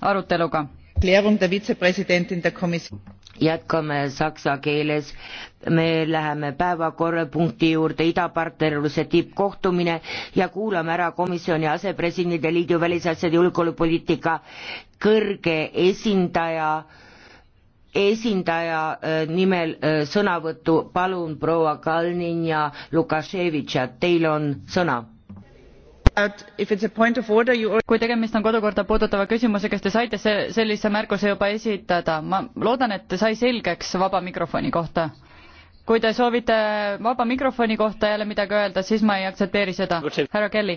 aruteluga. jätkame saksa keeles. me läheme päevakorrapunkti juurde idapartnerluse tippkohtumine ja kuulame ära komisjoni asepresidendide liidu välisasjade julgeolekupoliitika kõrge esindaja esindaja äh, nimel äh, sõnavõttu palun proua Kalnin ja Lukaševitš, teil on sõna kui tegemist on kodukorda puudutava küsimusega siis te saite see, sellise märkuse juba esitada ma loodan et sai selgeks vaba mikrofoni kohta kui te soovite vaba mikrofoni kohta jälle midagi öelda siis ma ei aktsepteeri seda härra kelly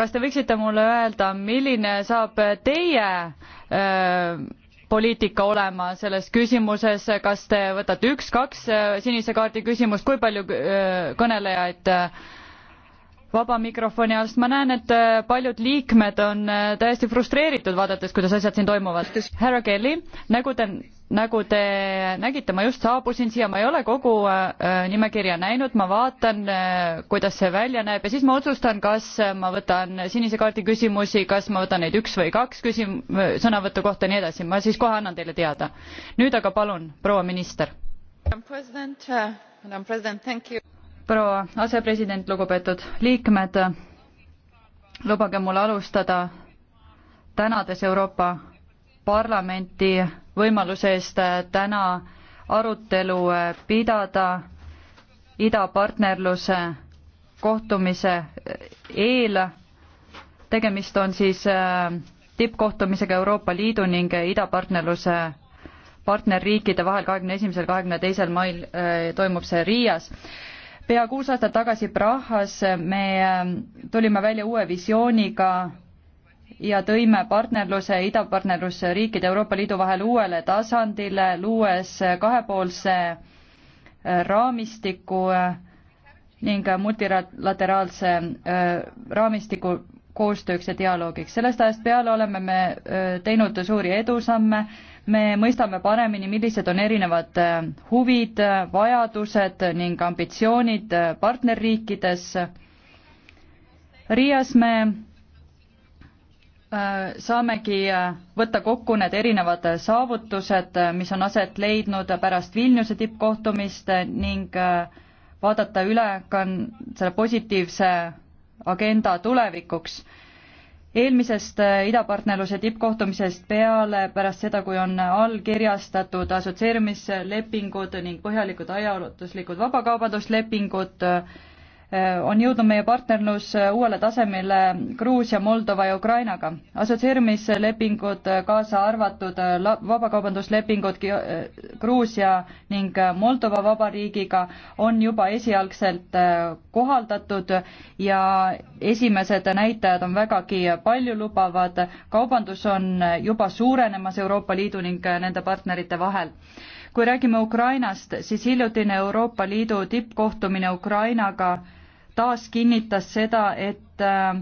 kas te võiksite mulle öelda milline saab teie öö, äh, poliitika olema selles küsimuses kas te võtate üks kaks äh, sinise kaardi küsimust kui palju öö, äh, kõnelejaid vaba mikrofoni all, sest ma näen, et äh, paljud liikmed on äh, täiesti frustreeritud, vaadates, kuidas asjad siin toimuvad. härra Kelly, nagu te, nagu te nägite, ma just saabusin siia, ma ei ole kogu äh, nimekirja näinud, ma vaatan, kuidas see välja näeb ja siis ma otsustan, kas ma võtan sinise kaardi küsimusi, kas ma võtan neid üks või kaks küsim-, sõnavõtu kohta ja nii edasi, ma siis kohe annan teile teada. nüüd aga palun, proua minister. Madam President, uh, Madam President, thank you proua asepresident, lugupeetud liikmed, lubage mul alustada tänades Euroopa Parlamenti võimaluse eest täna arutelu pidada idapartnerluse kohtumise eel. tegemist on siis äh, tippkohtumisega Euroopa Liidu ning idapartnerluse partnerriikide vahel kahekümne esimesel, kahekümne teisel mail äh, toimub see Riias pea kuus aastat tagasi Prahas me ähm, tulime välja uue visiooniga ja tõime partnerluse, idapartnerluse riikide Euroopa Liidu vahel uuele tasandile, luues kahepoolse äh, raamistiku äh, ning multilateraalse äh, raamistiku koostööks ja dialoogiks. sellest ajast peale oleme me teinud suuri edusamme me mõistame paremini, millised on erinevad äh, huvid, äh, vajadused ning ambitsioonid äh, partnerriikides. Riias me saamegi võtta kokku need erinevad saavutused, mis on aset leidnud pärast Vilniuse tippkohtumist ning vaadata üle ka selle positiivse agenda tulevikuks eelmisest äh, idapartnerluse tippkohtumisest peale, pärast seda, kui on allkirjastatud assotsieerumislepingud ning põhjalikud ajalooduslikud vabakaubanduslepingud, Äh, on jõudnud meie partnerlus äh, uuele tasemele Gruusia, Moldova ja Ukrainaga. assotsieerimislepingud, äh, kaasa arvatud vabakaubanduslepingud Gruusia ning Moldova vabariigiga on juba esialgselt kohaldatud ja esimesed näitajad on vägagi paljulubavad. kaubandus on juba suurenemas Euroopa Liidu ning nende partnerite vahel kui räägime Ukrainast, siis hiljutine Euroopa Liidu tippkohtumine Ukrainaga taas kinnitas seda, et äh,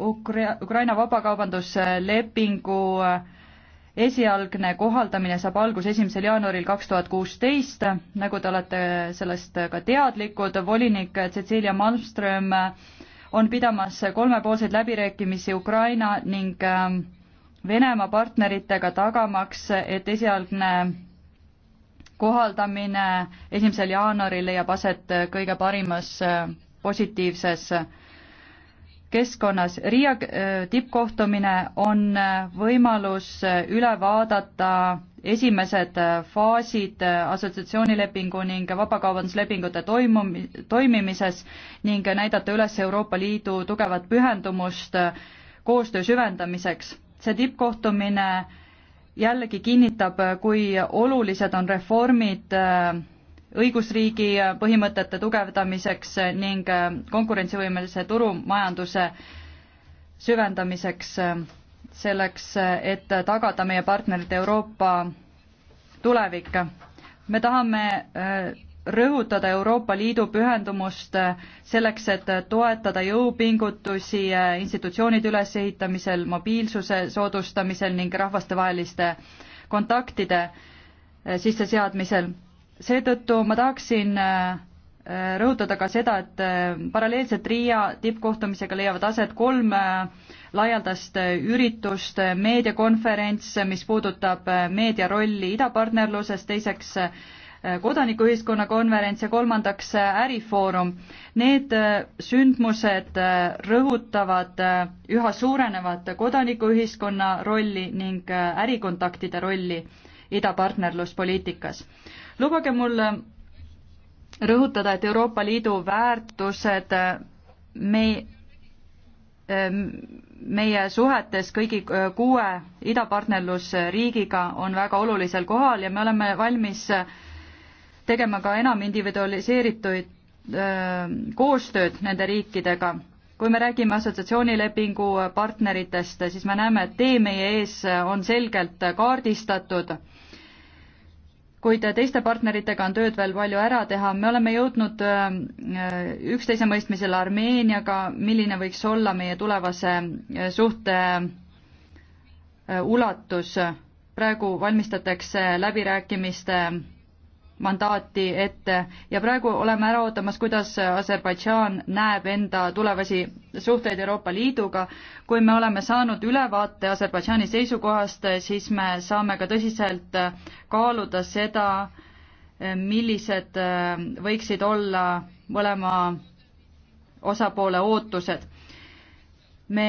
Ukra-, Ukraina vabakaubanduslepingu äh, esialgne kohaldamine saab alguse esimesel jaanuaril kaks tuhat kuusteist, nagu te olete sellest ka teadlikud, volinik Cecilia Malmström äh, on pidamas kolmepoolseid läbirääkimisi Ukraina ning Venemaa partneritega tagamaks, et esialgne kohaldamine esimesel jaanuaril leiab aset kõige parimas äh, positiivses äh, keskkonnas. Riia äh, tippkohtumine on võimalus üle vaadata esimesed faasid assotsiatsioonilepingu ning vabakaubanduslepingute toimum-, toimimises ning näidata üles Euroopa Liidu tugevat pühendumust koostöö süvendamiseks. see tippkohtumine jällegi kinnitab, kui olulised on reformid äh, õigusriigi põhimõtete tugevdamiseks ning äh, konkurentsivõimelise turumajanduse süvendamiseks, äh, selleks, et tagada meie partnerite Euroopa tulevik. me tahame rõhutada Euroopa Liidu pühendumust selleks, et toetada jõupingutusi institutsioonide ülesehitamisel, mobiilsuse soodustamisel ning rahvastevaheliste kontaktide sisseseadmisel. seetõttu ma tahaksin äh, rõhutada ka seda, et äh, paralleelselt Riia tippkohtumisega leiavad aset kolm äh, laialdast üritust, meediakonverents, mis puudutab meedia rolli idapartnerluses, teiseks Äh, kodanikuühiskonna konverents ja kolmandaks äh, Ärifoorum. Need äh, sündmused rõhutavad üha suurenevat kodanikuühiskonna rolli ning ärikontaktide rolli idapartnerluspoliitikas. lubage mul rõhutada, et Euroopa Liidu väärtused me, ähm, meie suhetes kõigi kuue idapartnerlusriigiga on väga olulisel kohal ja me oleme valmis tegema ka enam individualiseerituid koostööd nende riikidega. kui me räägime assotsiatsioonilepingu partneritest, siis me näeme, et tee meie ees on selgelt kaardistatud, kuid teiste partneritega on tööd veel palju ära teha, me oleme jõudnud üksteise mõistmisele Armeeniaga, milline võiks olla meie tulevase suhte ulatus. praegu valmistatakse läbirääkimiste mandaati ette ja praegu oleme ära ootamas, kuidas Aserbaidžaan näeb enda tulevasi suhteid Euroopa Liiduga. kui me oleme saanud ülevaate Aserbaidžaani seisukohast, siis me saame ka tõsiselt kaaluda seda, millised võiksid olla mõlema osapoole ootused. me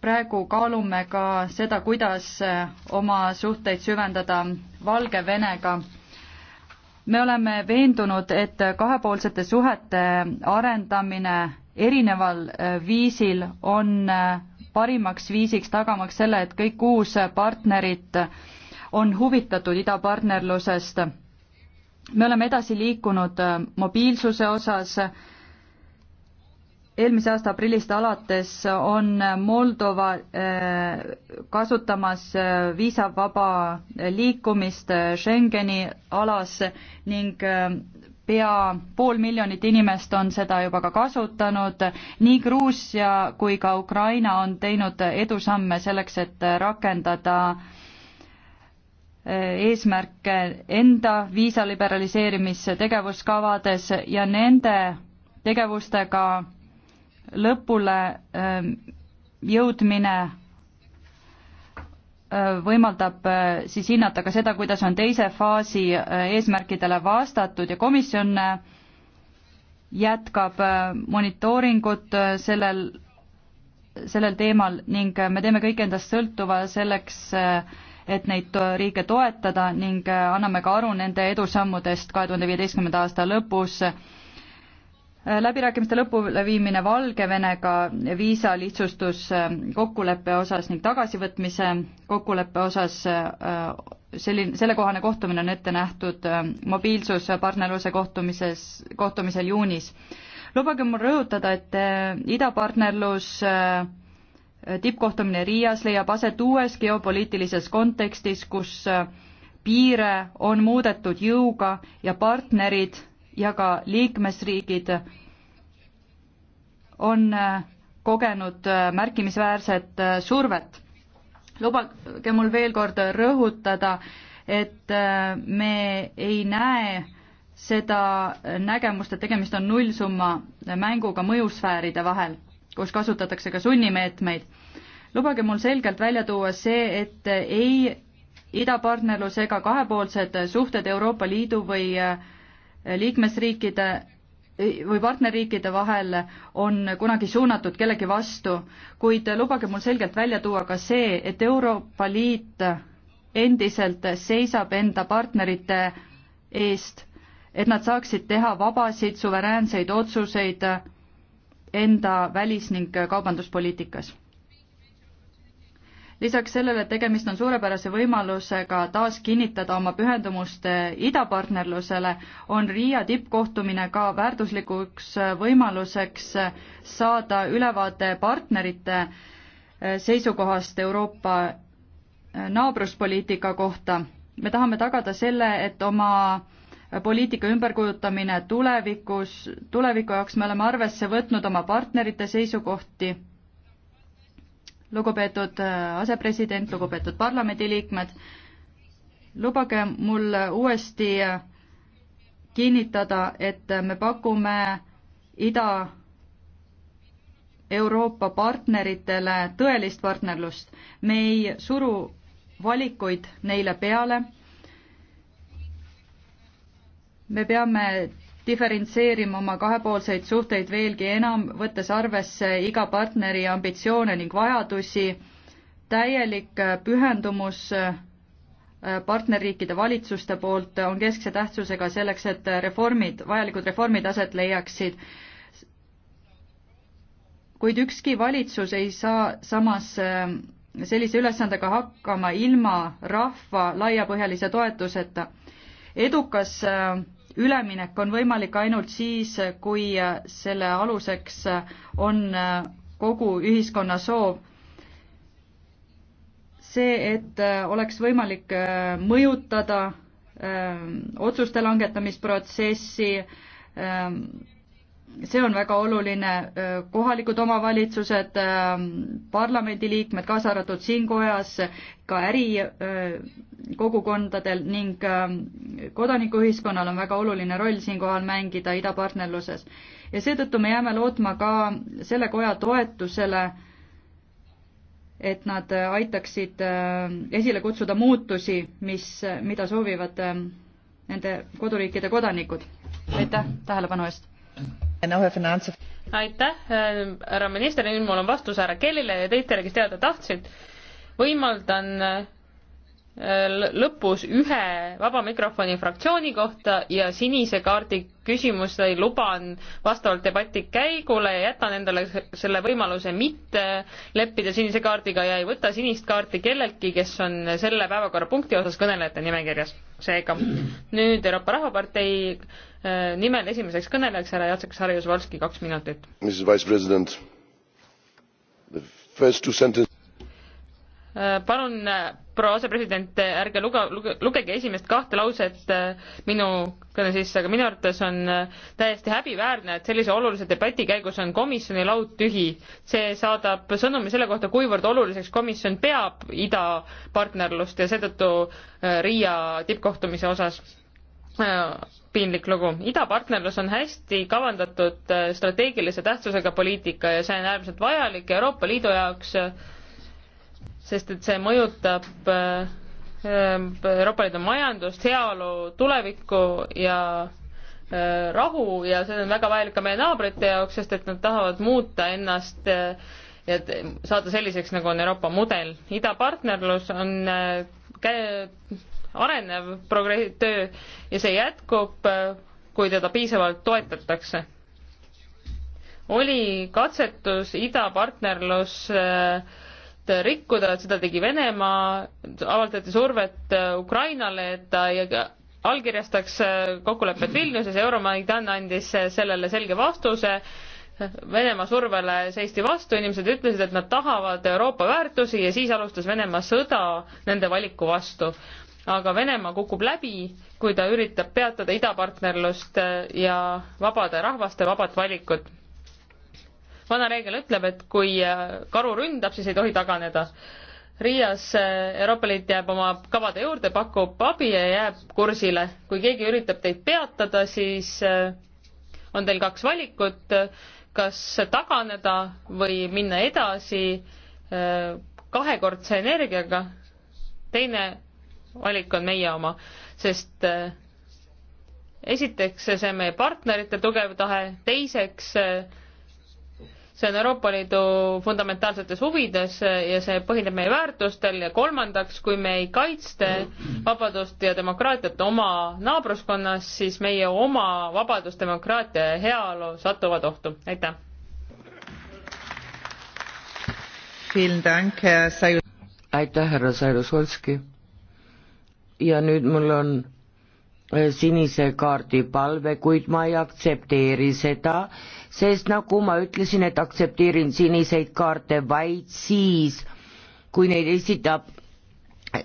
praegu kaalume ka seda, kuidas oma suhteid süvendada Valgevenega me oleme veendunud, et kahepoolsete suhete arendamine erineval äh, viisil on äh, parimaks viisiks tagamaks selle, et kõik kuus partnerit on huvitatud idapartnerlusest. me oleme edasi liikunud äh, mobiilsuse osas eelmise aasta aprillist alates on Moldova äh, kasutamas äh, viisavaba liikumist äh, Schengeni alas ning pea pool miljonit inimest on seda juba ka kasutanud. nii Gruusia kui ka Ukraina on teinud edusamme selleks, et rakendada eesmärke enda viisa liberaliseerimise tegevuskavades ja nende tegevustega lõpule ähm, jõudmine äh, võimaldab äh, siis hinnata ka seda, kuidas on teise faasi äh, eesmärkidele vastatud ja komisjon jätkab monitooringut sellel, sellel teemal ning me teeme kõik endast sõltuva selleks, et neid riike toetada ning anname ka aru nende edusammudest kahe tuhande viieteistkümnenda aasta lõpus läbirääkimiste lõpuleviimine Valgevenega viisa lihtsustus ähm, kokkuleppe osas ning tagasivõtmise kokkuleppe osas äh, selline, sellekohane kohtumine on ette nähtud ähm, mobiilsuspartnerluse kohtumises, kohtumisel juunis. lubage mul rõhutada, et äh, idapartnerlus äh, tippkohtumine Riias leiab aset uues geopoliitilises kontekstis, kus piire on muudetud jõuga ja partnerid ja ka liikmesriigid on äh, kogenud äh, märkimisväärset äh, survet. lubage mul veel kord rõhutada, et me ei näe seda nägemust, et tegemist on nullsumma mänguga mõjusfääride vahel, kus kasutatakse ka sunnimeetmeid. lubage mul selgelt välja tuua see, et ei idapartnerlus ega kahepoolsed suhted Euroopa Liidu või äh, liikmesriikide või partnerriikide vahel on kunagi suunatud kellegi vastu, kuid lubage mul selgelt välja tuua ka see, et Euroopa Liit endiselt seisab enda partnerite eest, et nad saaksid teha vabasid, suveräänseid otsuseid enda välis- ning kaubanduspoliitikas lisaks sellele, et tegemist on suurepärase võimalusega taas kinnitada oma pühendumust idapartnerlusele, on Riia tippkohtumine ka väärtuslikuks võimaluseks saada ülevaade partnerite eh, seisukohast Euroopa eh, naabruspoliitika kohta. me tahame tagada selle, et oma eh, poliitika ümberkujutamine tulevikus, tuleviku jaoks me oleme arvesse võtnud oma partnerite seisukohti lugupeetud äh, asepresident, lugupeetud parlamendiliikmed, lubage mul uuesti äh, kinnitada, et äh, me pakume Ida-Euroopa partneritele tõelist partnerlust. me ei suru valikuid neile peale. me peame diferentseerima oma kahepoolseid suhteid veelgi enam, võttes arvesse iga partneri ambitsioone ning vajadusi, täielik pühendumus äh, partnerriikide valitsuste poolt on keskse tähtsusega selleks, et reformid, vajalikud reformid aset leiaksid. kuid ükski valitsus ei saa samas äh, sellise ülesandega hakkama ilma rahva laiapõhjalise toetuseta. edukas äh, üleminek on võimalik ainult siis, kui selle aluseks on kogu ühiskonna soov. see, et oleks võimalik mõjutada öö, ähm, otsuste langetamisprotsessi, ähm, see on väga oluline, kohalikud omavalitsused, parlamendiliikmed, kaasa arvatud siin kojas, ka ärikogukondadel ning kodanikuühiskonnal on väga oluline roll siinkohal mängida idapartnerluses. ja seetõttu me jääme lootma ka selle koja toetusele, et nad aitaksid esile kutsuda muutusi, mis, mida soovivad nende koduriikide kodanikud. aitäh tähelepanu eest! aitäh, härra minister, nüüd mul on vastus härra Kellile ja teistele, kes teada tahtsid. võimaldan äh, lõpus ühe vaba mikrofoni fraktsiooni kohta ja sinise kaardi küsimusi luban vastavalt debati käigule ja jätan endale selle võimaluse mitte leppida sinise kaardiga ja ei võta sinist kaarti kelleltki, kes on selle päevakorrapunkti osas kõnelejate nimekirjas. seega nüüd Euroopa Rahvapartei Äh, nimel esimeseks kõnelejaks härra Jacek Sarjus-Volski, kaks minutit. Äh, palun, äh, proua asepresident, ärge luge, luge, lugege esimest kahte lauset minu kõne sisse, aga minu arvates on täiesti häbiväärne, et sellise olulise debati käigus on komisjoni laud tühi. see saadab sõnumi selle kohta, kuivõrd oluliseks komisjon peab idapartnerlust ja seetõttu Riia tippkohtumise osas piinlik lugu. idapartnerlus on hästi kavandatud äh, strateegilise tähtsusega poliitika ja see on äärmiselt vajalik Euroopa Liidu jaoks, äh, sest et see mõjutab äh, Euroopa Liidu majandust, heaolu, tulevikku ja rahu ja see on väga vajalik ka meie naabrite jaoks, sest et nad tahavad muuta ennast ja saada selliseks, nagu on Euroopa mudel. idapartnerlus on arenev progre-, töö ja see jätkub, kui teda piisavalt toetatakse. oli katsetus idapartnerlus äh, rikkuda, seda tegi Venemaa, avaldati survet äh, Ukrainale, et ta allkirjastaks äh, kokkulepet Vilniuses, Euromaidan andis sellele selge vastuse Venemaa survele seisti vastu, inimesed ütlesid, et nad tahavad Euroopa väärtusi ja siis alustas Venemaa sõda nende valiku vastu aga Venemaa kukub läbi, kui ta üritab peatada idapartnerlust ja vabade rahvaste vabat valikut. vana reegel ütleb, et kui karu ründab, siis ei tohi taganeda. Riias Euroopa Liit jääb oma kavade juurde, pakub abi ja jääb kursile. kui keegi üritab teid peatada, siis äh, on teil kaks valikut, kas taganeda või minna edasi äh, kahekordse energiaga. teine valik on meie oma, sest äh, esiteks see on meie partnerite tugev tahe, teiseks äh, see on Euroopa Liidu fundamentaalsetes huvides äh, ja see põhineb meie väärtustel ja kolmandaks, kui me ei kaitsta vabadust ja demokraatiat oma naabruskonnas, siis meie oma vabadus, demokraatia ja heaolu satuvad ohtu. aitäh! aitäh, härra Sairus-Holski! ja nüüd mul on äh, sinise kaardi palve, kuid ma ei aktsepteeri seda, sest nagu ma ütlesin, et aktsepteerin siniseid kaarte vaid siis, kui neid esitab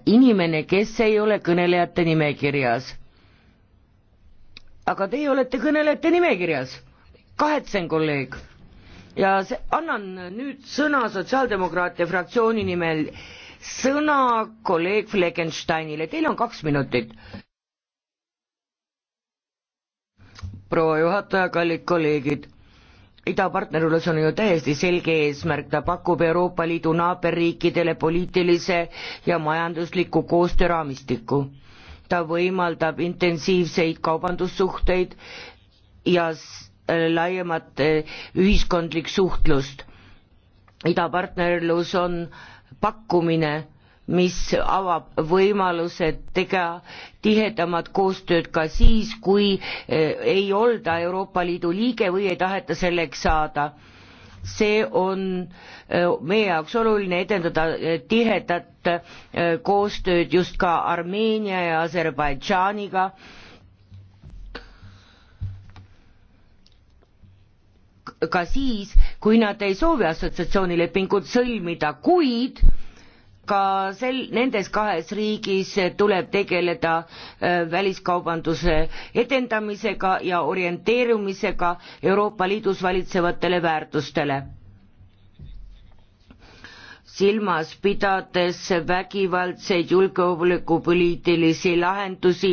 inimene, kes ei ole kõnelejate nimekirjas. aga teie olete kõnelejate nimekirjas, kahetsen kolleeg. ja see, annan nüüd sõna Sotsiaaldemokraatia fraktsiooni nimel sõna kolleeg Fleckensteinile, teil on kaks minutit. proua juhataja, kallid kolleegid idapartnerlus on ju täiesti selge eesmärk, ta pakub Euroopa Liidu naaberriikidele poliitilise ja majandusliku koostöö raamistikku. ta võimaldab intensiivseid kaubandussuhteid ja laiemat eh, ühiskondlik suhtlust. idapartnerlus on äh, pakkumine, mis avab võimaluse teha tihedamat koostööd ka siis, kui eh, ei olda Euroopa Liidu liige või ei taheta selleks saada. see on eh, meie jaoks oluline edendada eh, tihedat koostööd just ka Armeenia ja Aserbaidžaaniga ka siis, kui nad ei soovi assotsiatsioonilepingut sõlmida, kuid ka sel, nendes kahes riigis tuleb tegeleda äh, väliskaubanduse edendamisega ja orienteerumisega Euroopa Liidus valitsevatele väärtustele silmas pidades vägivaldseid julgeolekupoliitilisi lahendusi,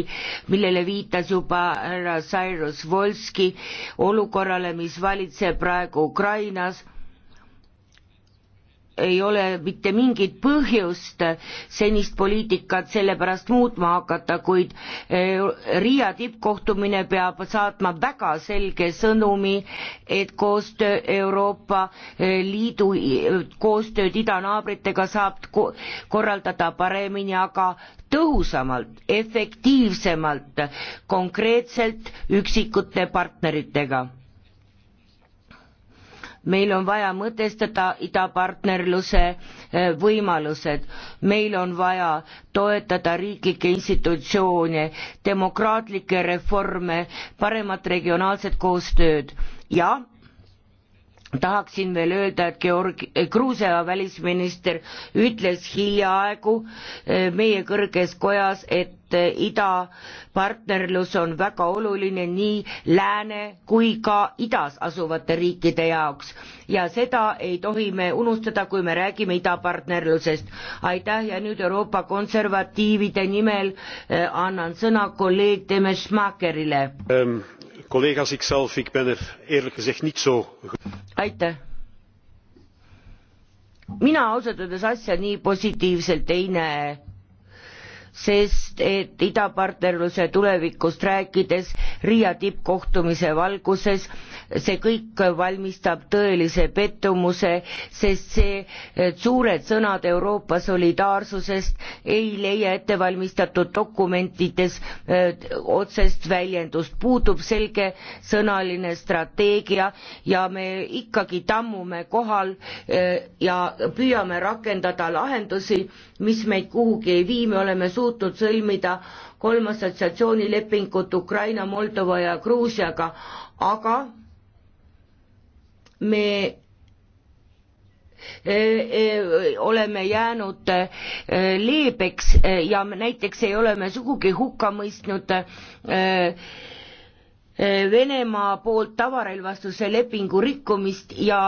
millele viitas juba härra Cyrus Volski olukorrale, mis valitseb praegu Ukrainas ei ole mitte mingit põhjust senist poliitikat sellepärast muutma hakata, kuid eh, Riia tippkohtumine peab saatma väga selge sõnumi, et koostöö Euroopa eh, Liidu, koostööd idanaabritega saab korraldada paremini, aga tõhusamalt, efektiivsemalt, konkreetselt üksikute partneritega meil on vaja mõtestada idapartnerluse eh, võimalused, meil on vaja toetada riiklikke institutsioone, demokraatlikke reforme, paremat regionaalset koostööd ja tahaksin veel öelda, et Georg, Gruusia välisminister ütles hiljaaegu eh, meie kõrges kojas, et eh, idapartnerlus on väga oluline nii lääne kui ka idas asuvate riikide jaoks ja seda ei tohi me unustada, kui me räägime idapartnerlusest. aitäh ja nüüd Euroopa konservatiivide nimel eh, annan sõna kolleeg Demešmakerile ähm collega's ikzelf ik ben er eerlijk gezegd niet zo. aitäh! mina ausalt öeldes asja nii positiivselt ei näe sest et idapartnerluse tulevikust rääkides Riia tippkohtumise valguses see kõik valmistab tõelise pettumuse, sest see suured sõnad Euroopa solidaarsusest ei leia ettevalmistatud dokumentides otsest väljendust, puudub selgesõnaline strateegia ja me ikkagi tammume kohal eh, ja püüame rakendada lahendusi, mis meid kuhugi ei vii, me oleme suutnud sõlmida kolm assotsiatsioonilepingut Ukraina, Moldova ja Gruusiaga, aga me e, e, oleme jäänud e, leebeks ja näiteks ei ole me sugugi hukka mõistnud Venemaa poolt tavarelvastuse lepingu rikkumist ja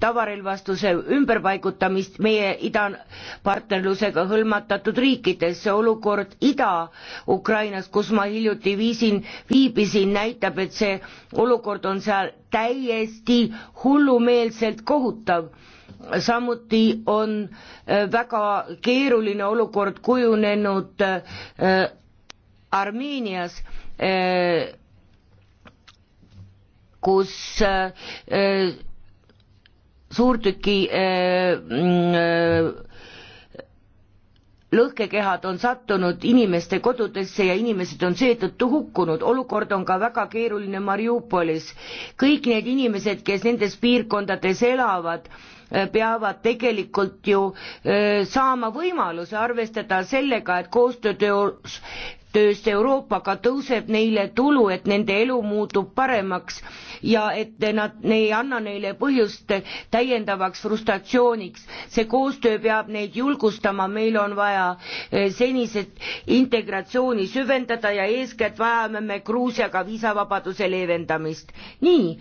tavarelvastuse ümberpaigutamist meie idapartnerlusega hõlmatatud riikides. see olukord Ida-Ukrainas, kus ma hiljuti viisin, viibisin, näitab, et see olukord on seal täiesti hullumeelselt kohutav samuti on äh, väga keeruline olukord kujunenud äh, Armeenias äh, kus suurtüki äh, mm, äh, lõhkekehad on sattunud inimeste kodudesse ja inimesed on seetõttu hukkunud. olukord on ka väga keeruline Mariupolis. kõik need inimesed, kes nendes piirkondades elavad, äh, peavad tegelikult ju saama võimaluse arvestada sellega, et koostöötöös tööst Euroopaga tõuseb neile tulu, et nende elu muutub paremaks ja et nad, ei anna neile põhjust täiendavaks frustratsiooniks. see koostöö peab neid julgustama, meil on vaja eh, senised integratsiooni süvendada ja eeskätt vajame me Gruusiaga viisavabaduse leevendamist. nii,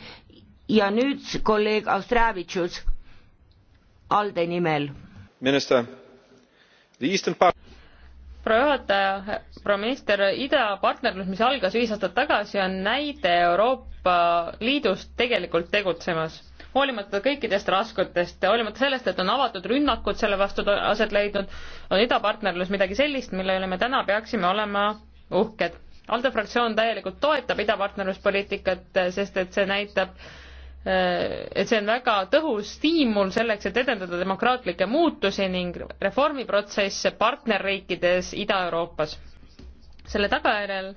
ja nüüd kolleeg Austravitšus ALDE nimel. minister, the Eastern part proua juhataja, proua minister, idapartnerlus, mis algas viis aastat tagasi, on näide Euroopa Liidust tegelikult tegutsemas. hoolimata kõikidest raskutest, hoolimata sellest, et on avatud rünnakud selle vastu aset leidnud, on idapartnerlus midagi sellist, mille üle me täna peaksime olema uhked. ALDE fraktsioon täielikult toetab idapartnerluspoliitikat, sest et see näitab et see on väga tõhus stiimul selleks, et edendada demokraatlikke muutusi ning reformiprotsesse partnerriikides Ida-Euroopas. selle tagajärjel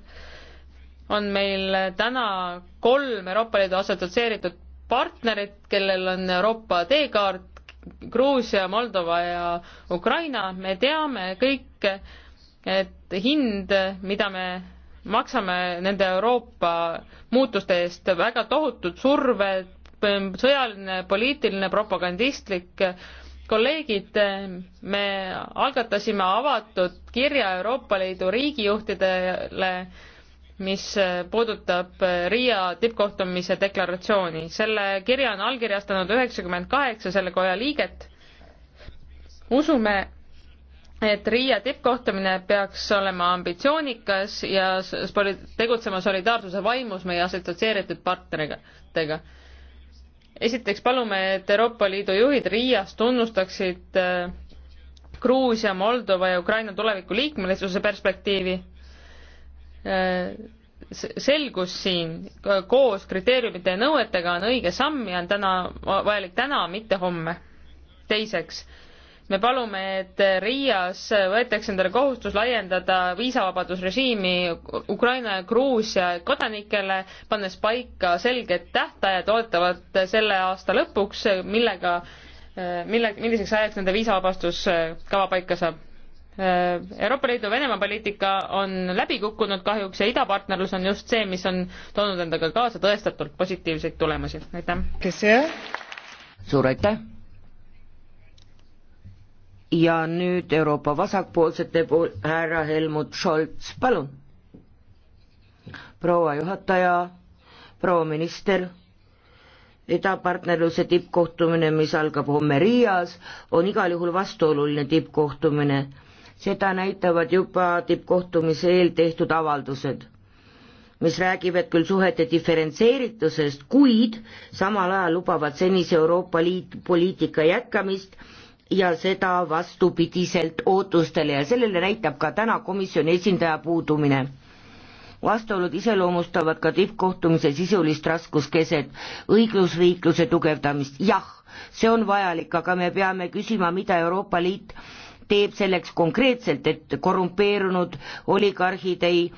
on meil täna kolm Euroopa Liidu assotsieeritud partnerit, kellel on Euroopa teekaart, Gruusia, Moldova ja Ukraina, me teame kõik, et hind, mida me maksame nende Euroopa muutuste eest väga tohutud surved, sõjaline, poliitiline, propagandistlik. kolleegid, me algatasime avatud kirja Euroopa Liidu riigijuhtidele, mis puudutab Riia tippkohtumise deklaratsiooni. selle kirja on allkirjastanud üheksakümmend kaheksa selle koja liiget. usume, et Riia tippkohtumine peaks olema ambitsioonikas ja tegutsema solidaarsuse vaimus meie assotsieeritud partneritega esiteks palume, et Euroopa Liidu juhid Riias tunnustaksid äh, Gruusia, Moldova ja Ukraina tuleviku liikmelisuse perspektiivi. Äh, selgus siin koos kriteeriumite ja nõuetega on õige samm ja on täna, vajalik täna, mitte homme. teiseks me palume, et Riias võetakse endale kohustus laiendada viisavabadusrežiimi Ukraina ja Gruusia kodanikele, pannes paika selged tähtajad loodetavalt selle aasta lõpuks, millega, mille, milliseks ajaks nende viisavabastuskava paika saab. Euroopa Liidu Venemaa poliitika on läbi kukkunud kahjuks ja idapartnerlus on just see, mis on toonud endaga kaasa tõestatult positiivseid tulemusi. aitäh! suur aitäh! ja nüüd Euroopa vasakpoolsete pool härra Helmut Scholz, palun. proua juhataja, proua minister, idapartnerluse tippkohtumine, mis algab homme Riias, on igal juhul vastuoluline tippkohtumine. seda näitavad juba tippkohtumise eel tehtud avaldused mis räägivad küll suhete diferentseeritusest, kuid samal ajal lubavad senise Euroopa Liidu poliitika jätkamist ja seda vastupidiselt ootustele ja sellele näitab ka täna komisjoni esindaja puudumine. vastuolud iseloomustavad ka tippkohtumise sisulist raskuskeset, õiglusriikluse tugevdamist, jah, see on vajalik, aga me peame küsima, mida Euroopa Liit teeb selleks konkreetselt, et korrumpeerunud oligarhid ei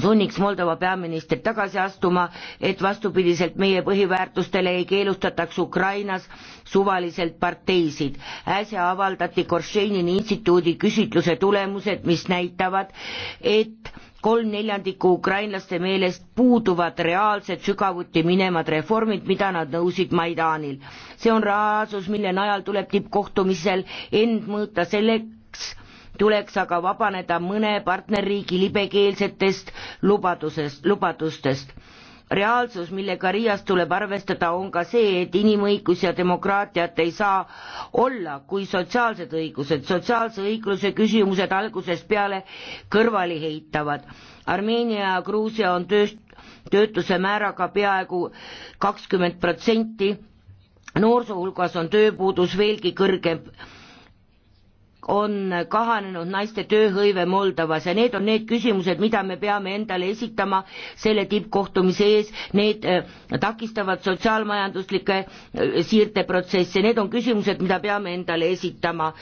sunniks Moldova peaministrit tagasi astuma, et vastupidiselt meie põhiväärtustele ei keelustataks Ukrainas suvaliselt parteisid. äsja avaldati Koršenini instituudi küsitluse tulemused, mis näitavad, et kolm neljandikku ukrainlaste meelest puuduvad reaalsed sügavuti minemad reformid, mida nad nõusid Maidanil. see on reaalsus, mille najal tuleb tippkohtumisel end mõõta selle tuleks aga vabaneda mõne partnerriigi libekeelsetest lubadusest, lubadustest. reaalsus, millega Riias tuleb arvestada, on ka see, et inimõigus ja demokraatiat ei saa olla kui sotsiaalsed õigused, sotsiaalse õigluse küsimused algusest peale kõrvali heitavad. Armeenia ja Gruusia on tööst-, töötuse määraga peaaegu kakskümmend protsenti, noorsoo hulgas on tööpuudus veelgi kõrgem on kahanenud naiste tööhõive Moldovas ja need on need küsimused, mida me peame endale esitama selle tippkohtumise ees, need äh, takistavad sotsiaalmajanduslikke äh, siirteprotsesse, need on küsimused, mida peame endale esitama.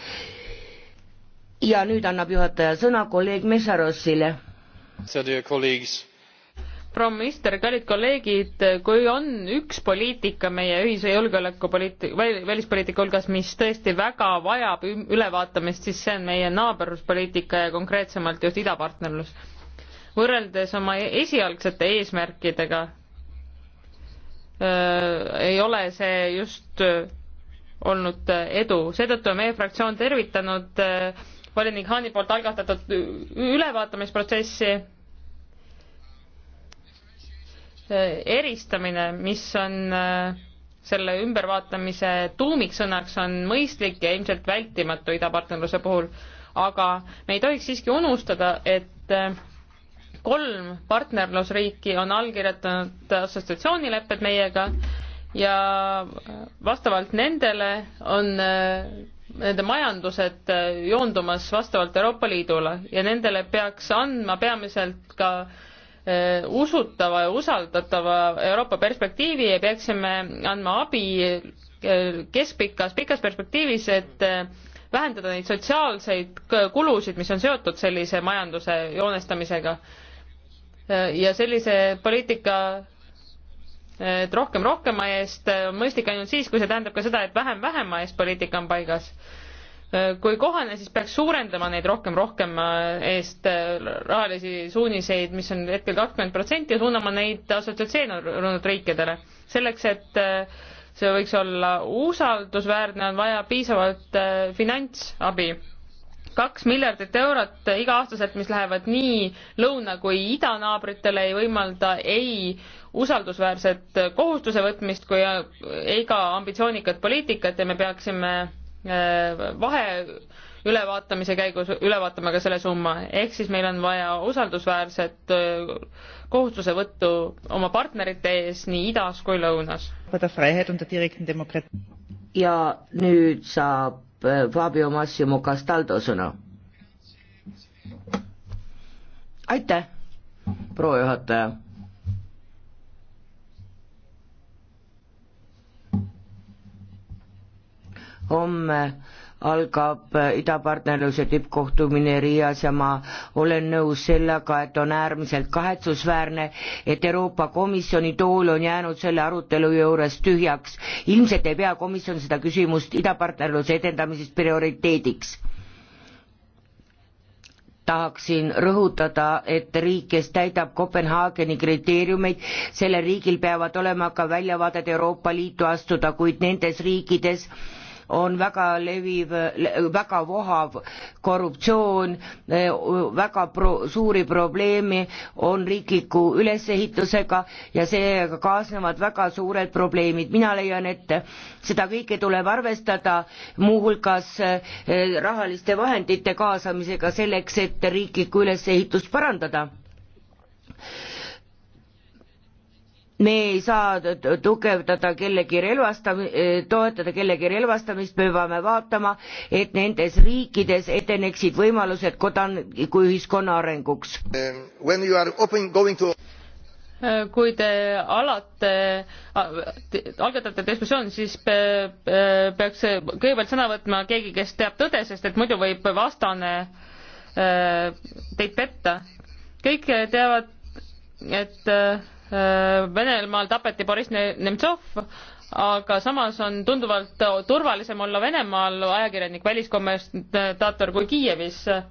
ja nüüd annab juhataja sõna kolleeg Mešarossile proua minister, kallid kolleegid, kui on üks poliitika meie ühise julgeolekupoliitika, välispoliitika hulgas, mis tõesti väga vajab ülevaatamist, siis see on meie naabruspoliitika ja konkreetsemalt just idapartnerlus. võrreldes oma e-, esialgsete eesmärkidega äh, ei ole see just äh, olnud edu, seetõttu on meie fraktsioon tervitanud äh, volinik Haani poolt algatatud ülevaatamisprotsessi eristamine, mis on äh, selle ümbervaatamise tuumiksõnaks, on mõistlik ja ilmselt vältimatu idapartnerluse puhul. aga me ei tohiks siiski unustada, et äh, kolm partnerlusriiki on allkirjatanud assotsiatsioonilepped meiega ja vastavalt nendele on äh, nende majandused joondumas vastavalt Euroopa Liidule ja nendele peaks andma peamiselt ka äh, Äh, usutava ja usaldatava Euroopa perspektiivi ja peaksime andma abi äh, keskpikas, pikas perspektiivis, et äh, vähendada neid sotsiaalseid kulusid, mis on seotud sellise majanduse joonestamisega. ja sellise poliitika et rohkem rohkema eest on mõistlik ainult siis, kui see tähendab ka seda, et vähem vähema eest poliitika on paigas Äh, kui kohane, siis peaks suurendama neid rohkem, rohkem äh, eest äh, rahalisi suuniseid, mis on hetkel kakskümmend protsenti ja suunama neid assotsieerunud riikidele. selleks, et see võiks olla usaldusväärne, on vaja piisavalt finantsabi. kaks miljardit eurot iga-aastaselt, mis lähevad nii lõuna kui idanaabritele, ei võimalda ei usaldusväärset kohustuse võtmist kui ega ambitsioonikat poliitikat ja me peaksime Äh, vahe ülevaatamise käigus üle vaatame ka selle summa, ehk siis meil on vaja usaldusväärset äh, kohustuse võttu oma partnerite ees nii idas kui lõunas. ja nüüd saab äh, Fabio Massimo Castaldo sõna. aitäh, proua juhataja homme algab äh, idapartnerluse tippkohtumine Riias ja ma olen nõus sellega, et on äärmiselt kahetsusväärne, et Euroopa Komisjoni tool on jäänud selle arutelu juures tühjaks. ilmselt ei pea komisjon seda küsimust idapartnerluse edendamisest prioriteediks. tahaksin rõhutada, et riik, kes täidab Kopenhaageni kriteeriumeid, sellel riigil peavad olema ka väljavaadet Euroopa Liitu astuda, kuid nendes riikides, on väga leviv, väga vohav korruptsioon, eh, väga pro-, suuri probleeme on riikliku ülesehitusega ja seega kaasnevad väga suured probleemid. mina leian, et seda kõike tuleb arvestada muuhulgas eh, rahaliste vahendite kaasamisega selleks, et riiklikku ülesehitust parandada me ei saa tugevdada kellegi relvastam- e, toetada kellegi relvastamist me peame vaatama et nendes riikides edeneksid võimalused kodanikuühiskonna arenguks um, to... Äh, kui te alate algatate diskussiooni siis pe, pe, peaks kõigepealt sõna võtma keegi kes teab tõde sest et muidu võib vastane äh, teid petta kõik teavad et äh, Äh, Venemaal tapeti Boriss Nemtsov, aga samas on tunduvalt turvalisem olla Venemaal ajakirjanik, väliskommentaator kui Kiievis. Äh,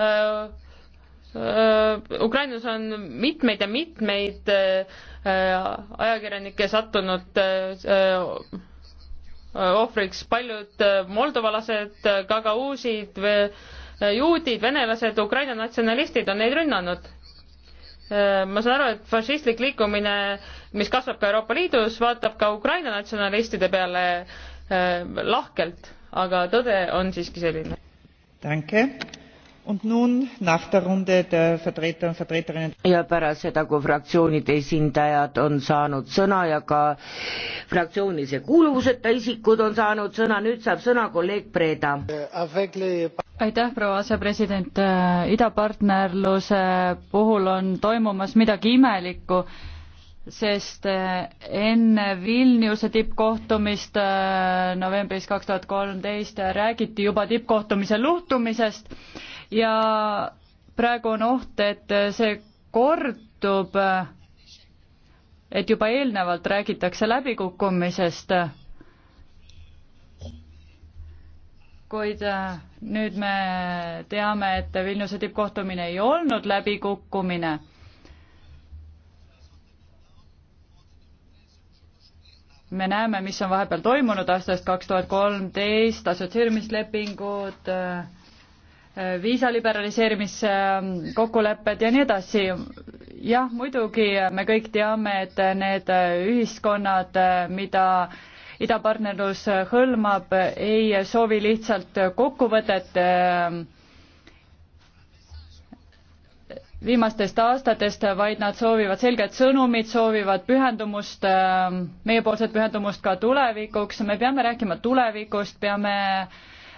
äh, Ukrainas on mitmeid ja mitmeid ajakirjanikke sattunud ohvriks, paljud moldovalased, gagauusid, juudid, venelased, Ukraina natsionalistid on neid rünnanud Äh, ma saan aru, et fašistlik liikumine, mis kasvab ka Euroopa Liidus, vaatab ka Ukraina natsionalistide peale äh, lahkelt, aga tõde on siiski selline ja pärast seda kui fraktsioonide esindajad on saanud sõna ja ka fraktsioonilise kuuluvuseta isikud on saanud sõna nüüd saab sõna kolleeg preda aitäh proua asepresident idapartnerluse puhul on toimumas midagi imelikku sest eh, enne Vilniuse tippkohtumist eh, novembris kaks tuhat kolmteist räägiti juba tippkohtumise luhtumisest ja praegu on oht, et see kordub, et juba eelnevalt räägitakse läbikukkumisest. kuid eh, nüüd me teame, et Vilniuse tippkohtumine ei olnud läbikukkumine me näeme, mis on vahepeal toimunud aastast kaks tuhat kolmteist, assotsieerimislepingud, äh, viisa liberaliseerimise äh, kokkulepped ja nii edasi. jah, muidugi me kõik teame, et need äh, ühiskonnad, mida idapartnerlus hõlmab, ei soovi lihtsalt kokkuvõtet viimastest aastatest, vaid nad soovivad selget sõnumit, soovivad pühendumust, ähm, meiepoolset pühendumust ka tulevikuks, me peame rääkima tulevikust, peame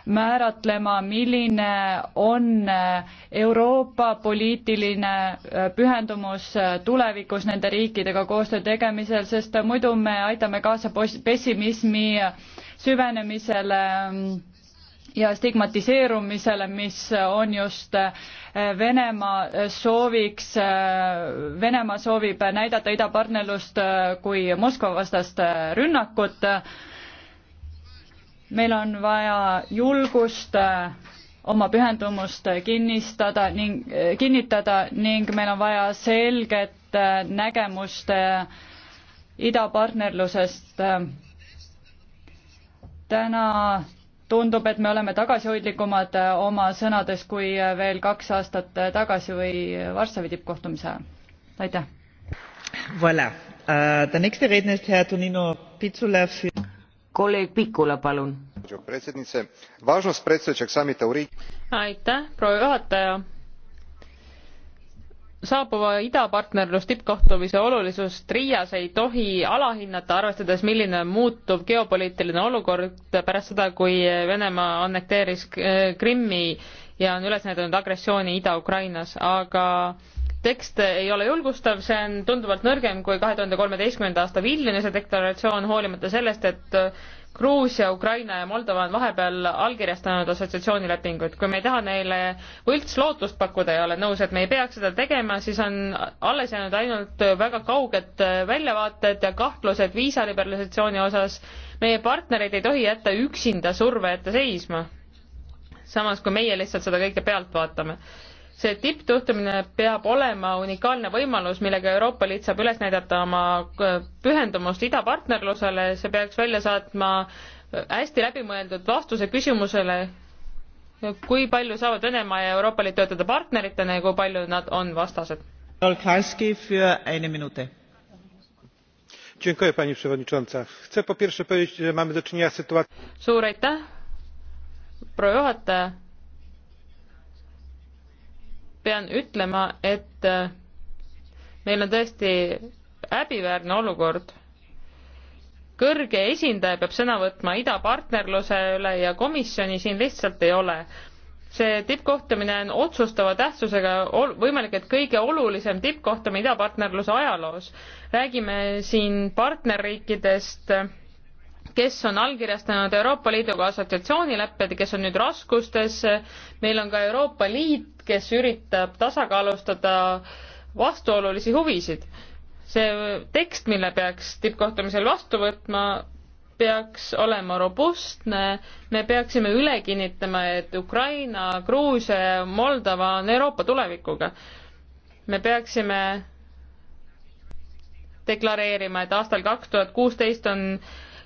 määratlema, milline on äh, Euroopa poliitiline äh, pühendumus äh, tulevikus nende riikidega koostöö tegemisel, sest muidu me aitame kaasa pessimismi süvenemisele ähm, ja stigmatiseerumisele, mis on just eh, Venemaa eh, sooviks, eh, Venemaa soovib näidata idapartnerlust kui Moskva vastast rünnakut. meil on vaja julgust oma pühendumust kinnistada ning, kinnitada ning meil on vaja selget nägemust idapartnerlusest. täna tundub, et me oleme tagasihoidlikumad äh, oma sõnades kui äh, veel kaks aastat äh, tagasi või Varssavi tippkohtumise ajal. aitäh. Voilà. Uh, the next redner is Herr Tonino Pitsula. kolleeg Pikula, palun. aitäh, proua juhataja saabuva idapartnerlus tippkohtumise olulisust Riias ei tohi alahinnata, arvestades, milline muutub geopoliitiline olukord pärast seda, kui Venemaa annekteeris Krimmi ja on üles näidanud agressiooni Ida-Ukrainas, aga tekst ei ole julgustav, see on tunduvalt nõrgem kui kahe tuhande kolmeteistkümnenda aasta Vilniuse deklaratsioon, hoolimata sellest, et Gruusia, Ukraina ja Moldova on vahepeal allkirjastanud assotsiatsioonilepingud. kui me ei taha neile võltslootust pakkuda ja olen nõus, et me ei peaks seda tegema, siis on alles jäänud ainult väga kauged väljavaated ja kahtlused viisaliberalisatsiooni osas. meie partnereid ei tohi jätta üksinda surve ette seisma. samas, kui meie lihtsalt seda kõike pealt vaatame see tipptuhtumine peab olema unikaalne võimalus, millega Euroopa Liit saab üles näidata oma äh, pühendumust idapartnerlusele, see peaks välja saatma äh, hästi läbimõeldud vastuse küsimusele, äh, kui palju saavad Venemaa ja Euroopa Liit töötada partneritena ja kui palju nad on vastased. pani przewodnicząca! chcę po pierwsze powiedzieć że mamy do czynienia z sytuacją. suur aitäh proua juhataja! pean ütlema, et äh, meil on tõesti häbiväärne olukord. kõrge esindaja peab sõna võtma idapartnerluse üle ja komisjoni siin lihtsalt ei ole. see tippkohtumine on otsustava tähtsusega, võimalik, et kõige olulisem tippkohtumine idapartnerluse ajaloos. räägime siin partnerriikidest kes on allkirjastanud Euroopa Liiduga assotsiatsioonilepped ja kes on nüüd raskustes. meil on ka Euroopa Liit, kes üritab tasakaalustada vastuolulisi huvisid. see tekst, mille peaks tippkohtumisel vastu võtma, peaks olema robustne, me peaksime üle kinnitama, et Ukraina, Gruusia ja Moldova on Euroopa tulevikuga. me peaksime deklareerima, et aastal kaks tuhat kuusteist on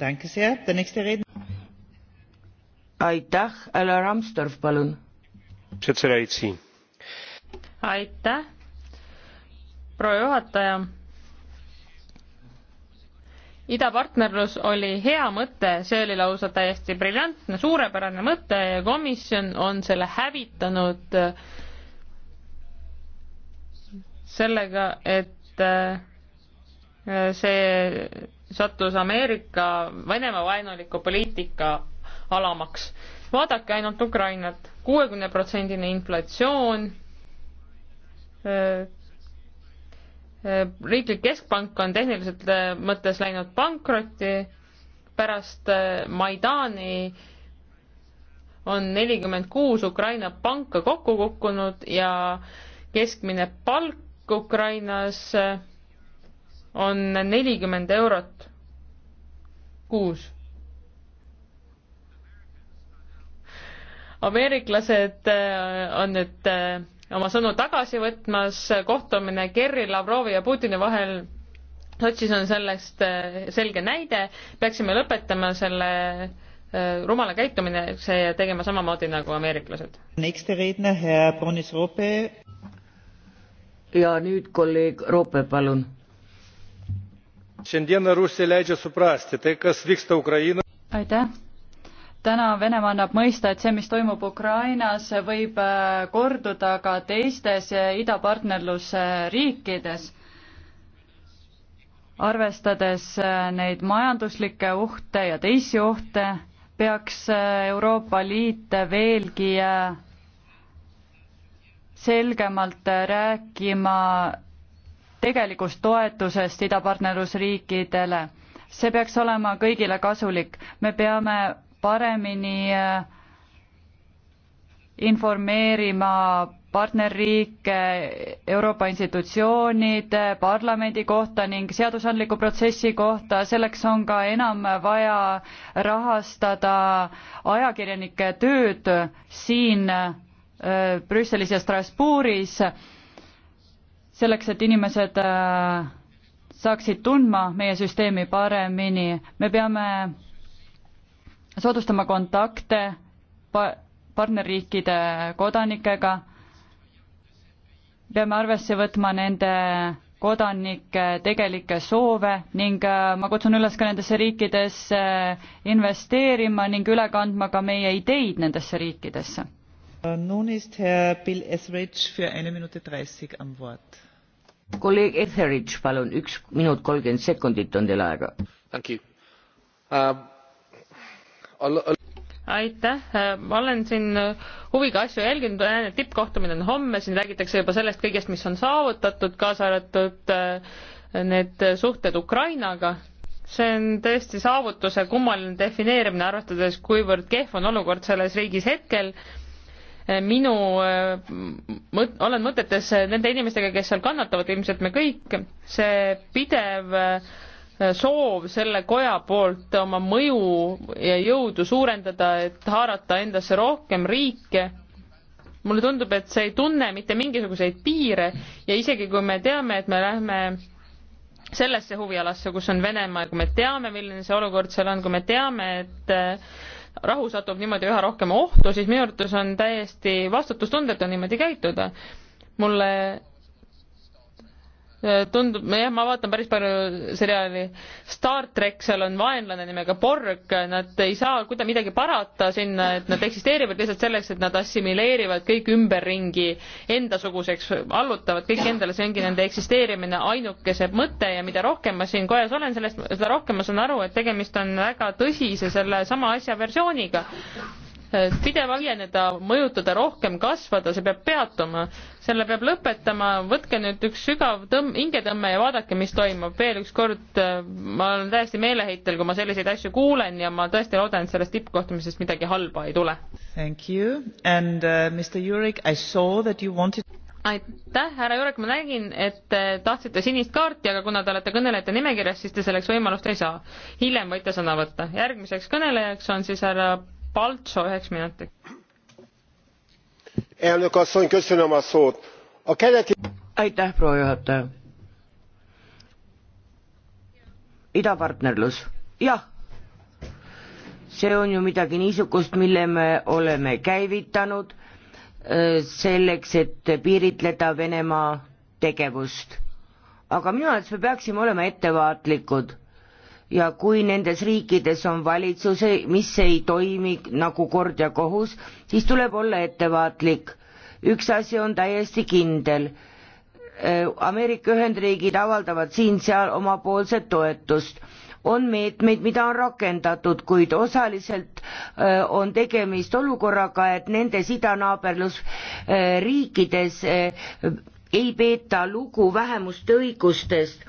aitäh, härra Ramstorf, palun. aitäh, proua juhataja idapartnerlus oli hea mõte, see oli lausa täiesti briljantne, suurepärane mõte ja komisjon on selle hävitanud sellega, et äh, see sattus Ameerika Venemaa vaenuliku poliitika alamaks. vaadake ainult Ukrainat, kuuekümne protsendine inflatsioon, äh, äh, riiklik keskpank on tehniliselt äh, mõttes läinud pankrotti, pärast Maidani on nelikümmend kuus Ukraina panka kokku kukkunud ja keskmine palk Ukrainas on nelikümmend eurot kuus. ameeriklased äh, on nüüd äh, oma sõnu tagasi võtmas, kohtumine Kerri, Lavrovi ja Putini vahel Sotšis on sellest äh, selge näide, peaksime lõpetama selle rumala käitumise ja tegema samamoodi nagu ameeriklased. ja nüüd kolleeg Roope, palun šiandieną rusija leidžia suprasti tai kas vyksta ukrainoje. aitäh! täna Venemaa annab mõista, et see, mis toimub Ukrainas, võib äh, korduda ka teistes äh, idapartnerluse äh, riikides. arvestades neid majanduslikke ohte ja teisi ohte, peaks Euroopa Liit veelgi selgemalt rääkima tegelikust toetusest idapartnerlusriikidele. see peaks olema kõigile kasulik, me peame paremini eh, informeerima partnerriike, Euroopa institutsioonide, parlamendi kohta ning seadusandliku protsessi kohta, selleks on ka enam vaja rahastada ajakirjanike tööd siin eh, Brüsselis ja Strasbourgis selleks, et inimesed äh, saaksid tundma meie süsteemi paremini, me peame soodustama kontakte pa-, partnerriikide kodanikega, peame arvesse võtma nende kodanike tegelikke soove ning äh, ma kutsun üles ka nendesse riikidesse investeerima ning üle kandma ka meie ideid nendesse riikidesse Nun ist Herr Bill Etheridge für eine Minute 30 am Wort. kolleeg Etheridge, palun, üks minut kolmkümmend sekundit on teil aega. Um, aitäh, ähm, ma olen siin äh, huviga asju jälginud, näen, et tippkohtumine on homme, siin räägitakse juba sellest kõigest, mis on saavutatud, kaasa arvatud äh, need suhted Ukrainaga see on tõesti saavutuse kummaline defineerimine, arvestades, kuivõrd kehv on olukord selles riigis hetkel minu äh, mõt-, olen mõtetes nende inimestega, kes seal kannatavad, ilmselt me kõik, see pidev äh, soov selle koja poolt oma mõju ja jõudu suurendada, et haarata endasse rohkem riike, mulle tundub, et see ei tunne mitte mingisuguseid piire ja isegi kui me teame, et me lähme sellesse huvialasse, kus on Venemaa ja kui me teame, milline see olukord seal on, kui me teame, et äh, rahu satub niimoodi üha rohkem ohtu, siis minu arvates on täiesti vastutustundetu niimoodi käituda. mulle tundub, jah, ma vaatan päris palju seriaali Star track, seal on vaenlane nimega Borg, nad ei saa kuidagi midagi parata sinna, et nad eksisteerivad lihtsalt selleks, et nad assimileerivad kõik ümberringi endasuguseks, allutavad kõik endale, see ongi nende eksisteerimine ainukese mõte ja mida rohkem ma siin kojas olen, sellest, seda rohkem ma saan aru, et tegemist on väga tõsise selle sama asja versiooniga pidev ageneda, mõjutada rohkem, kasvada, see peab peatuma. selle peab lõpetama, võtke nüüd üks sügav tõmm, hingetõmme ja vaadake, mis toimub. veel üks kord, äh, ma olen täiesti meeleheitel, kui ma selliseid asju kuulen ja ma tõesti loodan, et sellest tippkohtumisest midagi halba ei tule. Thank you and uh, Mr Jurek, I saw that you wanted aitäh, härra Jurek, ma nägin, et te äh, tahtsite sinist kaarti, aga kuna te olete kõnelejate nimekirjas, siis te selleks võimalust ei saa. hiljem võite sõna võtta. järgmiseks kõnelejaks on siis härra Paltso üheks minutiks. aitäh, proua juhataja. idapartnerlus, jah see on ju midagi niisugust, mille me oleme käivitanud äh, selleks, et piiritleda Venemaa tegevust. aga minu arvates me peaksime olema ettevaatlikud ja kui nendes riikides on valitsuse, mis ei toimi nagu kord ja kohus, siis tuleb olla ettevaatlik. üks asi on täiesti kindel. Äh, Ameerika Ühendriigid avaldavad siin-seal omapoolset toetust on meetmeid, mida on rakendatud, kuid osaliselt äh, on tegemist olukorraga, et nendes idanaaberlusriikides äh, ei peeta lugu vähemuste õigustest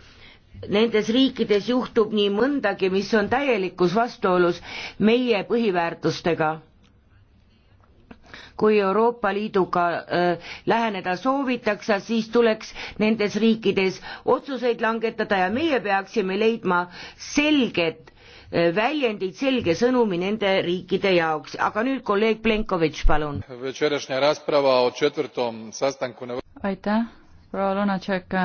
nendes riikides juhtub nii mõndagi, mis on täielikus vastuolus meie põhiväärtustega. kui Euroopa Liiduga äh, läheneda soovitakse, siis tuleks nendes riikides otsuseid langetada ja meie peaksime leidma selged äh, väljendid, selge sõnumi nende riikide jaoks, aga nüüd kolleeg Plenkovitš, palun. aitäh, proua Lunatšek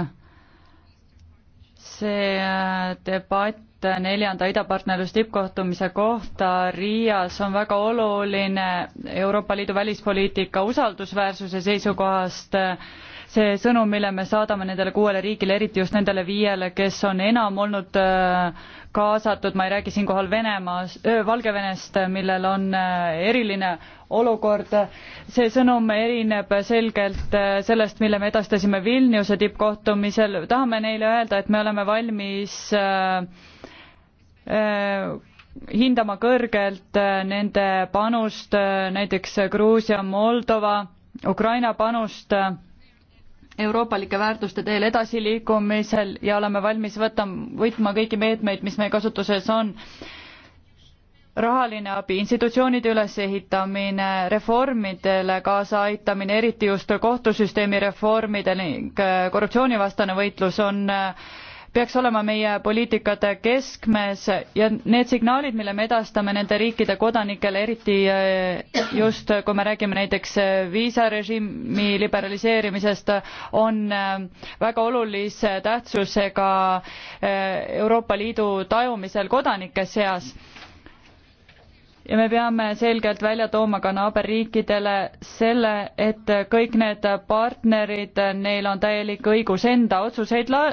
see äh, debatt neljanda idapartnerluse tippkohtumise kohta Riias on väga oluline Euroopa Liidu välispoliitika usaldusväärsuse seisukohast. see sõnum, mille me saadame nendele kuuele riigile, eriti just nendele viiele, kes on enam olnud äh, kaasatud, ma ei räägi siinkohal Venemaast, Valgevenest, millel on äh, eriline olukord. see sõnum erineb selgelt äh, sellest, mille me edastasime Vilniuse tippkohtumisel, tahame neile öelda, et me oleme valmis äh, hindama kõrgelt nende panust, näiteks Gruusia, Moldova, Ukraina panust euroopalike väärtuste teel edasiliikumisel ja oleme valmis võtta, võtma kõiki meetmeid, mis meie kasutuses on. rahaline abi, institutsioonide ülesehitamine, reformidele kaasaaitamine, eriti just kohtusüsteemi reformide ning äh, korruptsioonivastane võitlus on äh, peaks olema meie poliitikate keskmes ja need signaalid, mille me edastame nende riikide kodanikele, eriti eh, just eh, kui me räägime näiteks eh, viisarežiimi liberaliseerimisest, on väga olulise tähtsusega Euroopa Liidu tajumisel kodanike seas ja me peame selgelt välja tooma ka naaberriikidele selle, et kõik need partnerid, neil on täielik õigus enda otsuseid la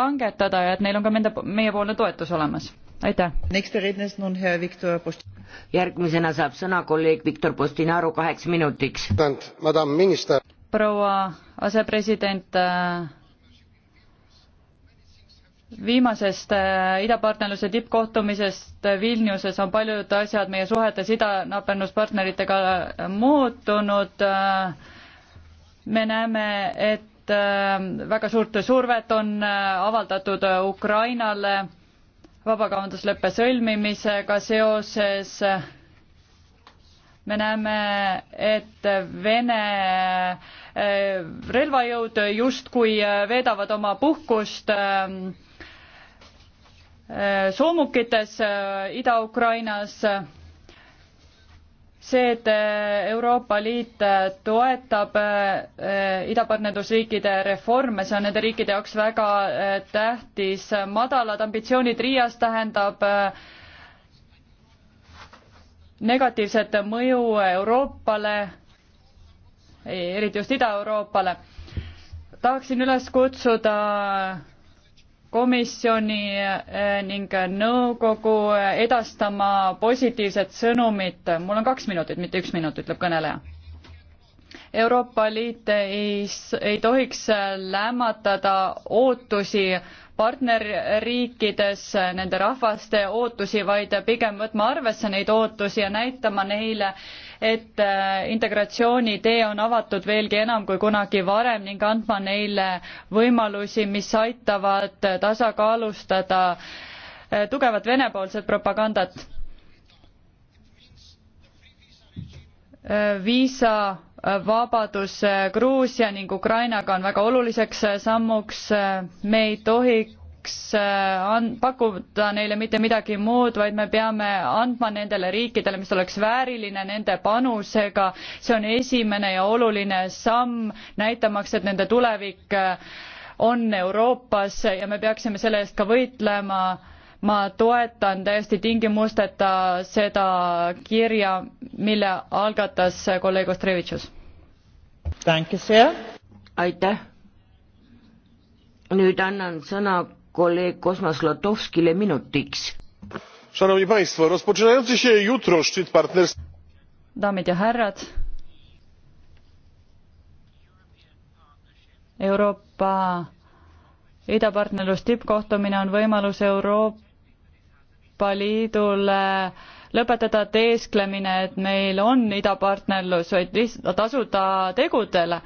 langetada ja et neil on ka nende, meiepoolne toetus olemas. aitäh. järgmisena saab sõna kolleeg Viktor Postinaru kaheks minutiks. proua asepresident äh, viimasest äh, idapartnerluse tippkohtumisest Vilniuses on paljud asjad meie suhetes idanaaberluspartneritega muutunud. Äh, me näeme, et äh, väga suurt survet on avaldatud Ukrainale vabakaubandusleppe sõlmimisega seoses. me näeme, et Vene relvajõud justkui veedavad oma puhkust äh, soomukites äh, Ida-Ukrainas. see, et äh, Euroopa Liit äh, toetab idapartnerlusriikide reforme, see on nende riikide jaoks väga tähtis. madalad ambitsioonid Riias tähendab negatiivset mõju Euroopale, eriti just Ida-Euroopale. tahaksin üles kutsuda komisjoni eh, ning nõukogu edastama positiivset sõnumit. mul on kaks minutit, mitte üks minut, ütleb kõneleja. Euroopa Liit ei, ei tohiks lämmatada ootusi partnerriikides, nende rahvaste ootusi, vaid pigem võtma arvesse neid ootusi ja näitama neile, et äh, integratsiooni tee on avatud veelgi enam kui kunagi varem ning andma neile võimalusi, mis aitavad tasakaalustada äh, tugevat Vene-poolset propagandat. Äh, viisa vabadus Gruusia ning Ukrainaga on väga oluliseks sammuks, me ei tohi tohiks äh, an-, pakkuda neile mitte midagi muud, vaid me peame andma nendele riikidele, mis oleks vääriline nende panusega, see on esimene ja oluline samm, näitamaks, et nende tulevik äh, on Euroopas ja me peaksime selle eest ka võitlema ma toetan täiesti tingimusteta seda kirja, mille algatas kolleeg Ostrevitšus. aitäh. nüüd annan sõna kolleeg Kosmas Latovskile minutiks. daamid ja härrad. Euroopa idapartnerlus tippkohtumine on võimalus Euroopa Liidule lõpetada teesklemine, et meil on idapartnerlus, vaid lihtsalt asuda tegudele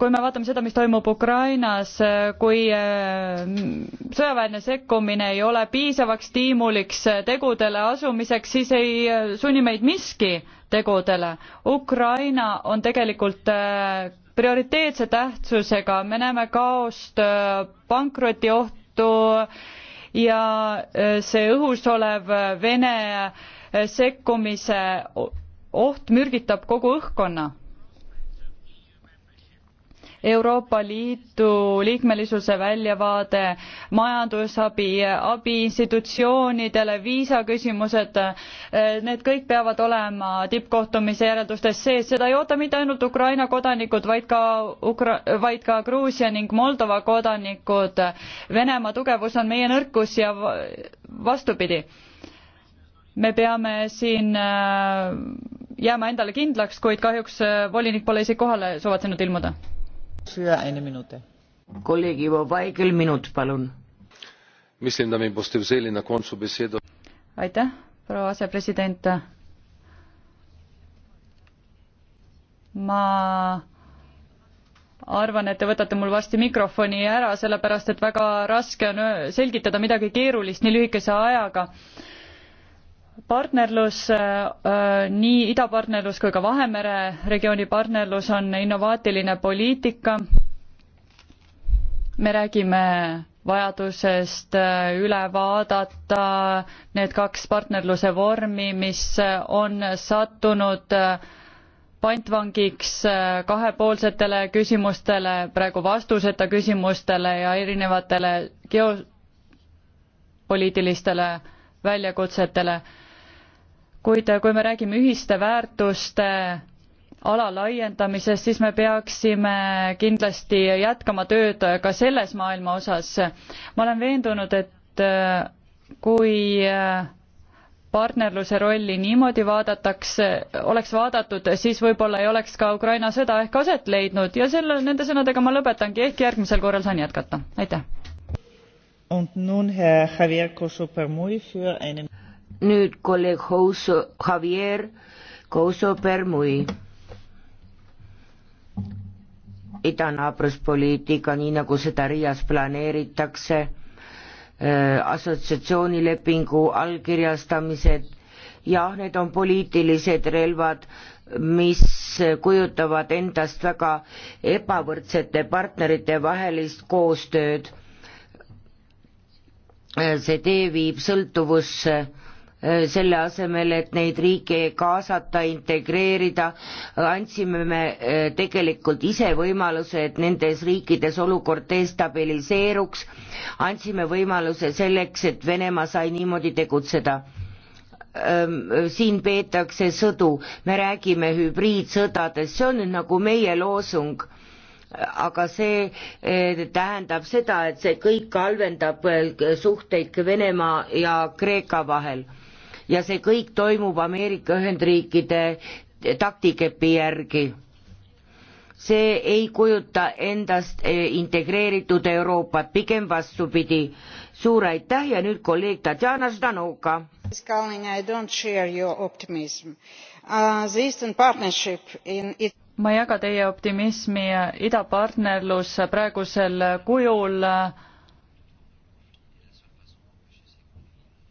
kui me vaatame seda, mis toimub Ukrainas, äh, kui äh, sõjaväeline sekkumine ei ole piisavaks stiimuliks äh, tegudele asumiseks, siis ei sunni meid miski tegudele. Ukraina on tegelikult prioriteetse tähtsusega, me näeme kaost, pankrotiohtu ja see õhus olev Vene sekkumise oht mürgitab kogu õhkkonna Euroopa Liidu liikmelisuse väljavaade, majandusabi, abi institutsioonidele, viisaküsimused, eh, need kõik peavad olema tippkohtumise järeldustes sees, seda ei oota mitte ainult Ukraina kodanikud, vaid ka Ukra-, vaid ka Gruusia ning Moldova kodanikud. Venemaa tugevus on meie nõrkus ja vastupidi me peame siin eh, jääma endale kindlaks, kuid kahjuks eh, volinik pole isegi kohale suvatsenud ilmuda kolleeg Ivo Vaigel, minut, palun. mislim, da mi boste vzeli na koncu besedo. aitäh, proua asepresident. ma arvan, et te võtate mul varsti mikrofoni ära, sellepärast et väga raske on selgitada midagi keerulist nii lühikese ajaga partnerlus, äh, äh, nii idapartnerlus kui ka Vahemere regiooni partnerlus on innovaatiline poliitika. me räägime vajadusest äh, üle vaadata need kaks partnerluse vormi, mis on sattunud pantvangiks kahepoolsetele küsimustele, praegu vastuseta küsimustele ja erinevatele geopoliitilistele väljakutsetele kuid äh, kui me räägime ühiste väärtuste äh, ala laiendamisest, siis me peaksime kindlasti jätkama tööd äh, ka selles maailma osas. ma olen veendunud, et kui partnerluse rolli niimoodi vaadatakse, oleks vaadatud, siis võib-olla ei oleks ka Ukraina sõda ehk aset leidnud ja selle, nende sõnadega ma lõpetangi, ehk järgmisel korral saan jätkata, aitäh nüüd kolleeg Houso, Javier Couso Permui. idanaabruspoliitika, nii nagu seda Riias planeeritakse, äh, assotsiatsioonilepingu allkirjastamised, jah, need on poliitilised relvad, mis kujutavad endast väga ebavõrdsete partnerite vahelist koostööd. Äh, see tee viib sõltuvusse Äh, selle asemel, et neid riike kaasata, integreerida, andsime me äh, tegelikult ise võimaluse, et nendes riikides olukord destabiliseeruks, andsime võimaluse selleks, et Venemaa sai niimoodi tegutseda ähm, siin peetakse sõdu, me räägime hübriidsõdadest, see on nüüd nagu meie loosung aga see äh, tähendab seda, et see kõik halvendab suhteid Venemaa ja Kreeka vahel ja see kõik toimub Ameerika Ühendriikide taktikepi järgi. see ei kujuta endast eh, integreeritud Euroopat, pigem vastupidi. suur aitäh ja nüüd kolleeg Tatjana Ždanoka. Uh, ma ei jaga teie optimismi, idapartnerlus praegusel kujul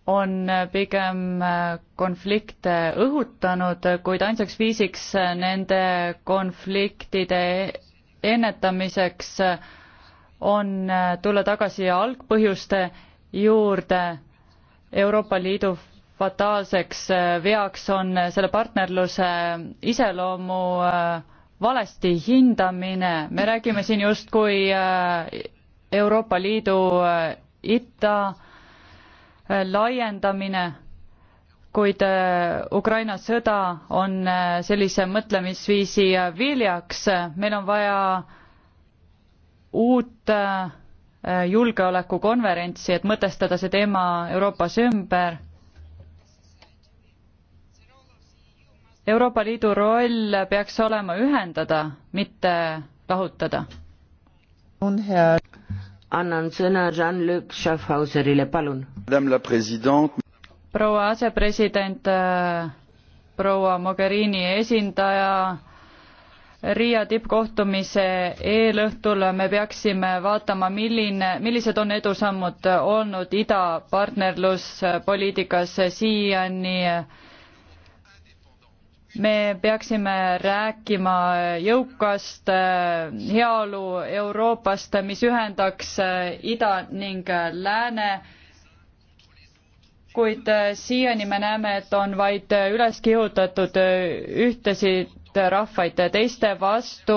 on pigem äh, konflikte õhutanud, kuid ainsaks viisiks nende konfliktide ennetamiseks on äh, tulla tagasi algpõhjuste juurde. Euroopa Liidu fataalseks äh, veaks on selle partnerluse iseloomu valesti hindamine, me räägime siin justkui Euroopa Liidu ita- Äh, laiendamine, kuid äh, Ukraina sõda on äh, sellise mõtlemisviisi viljaks, meil on vaja uut julgeolekukonverentsi, et mõtestada see teema Euroopas ümber. Euroopa Liidu roll peaks olema ühendada, mitte lahutada. on hea annan sõna Jean-Luc Schaffhauserile, palun. proua asepresident, äh, proua Mogherini esindaja, Riia tippkohtumise eelõhtul me peaksime vaatama, milline, millised on edusammud olnud idapartnerluspoliitikas siiani me peaksime rääkima jõukast äh, heaolu Euroopast, mis ühendaks äh, ida ning äh, lääne, kuid siiani me näeme, et on vaid üles kihutatud ühtesid rahvaid teiste vastu,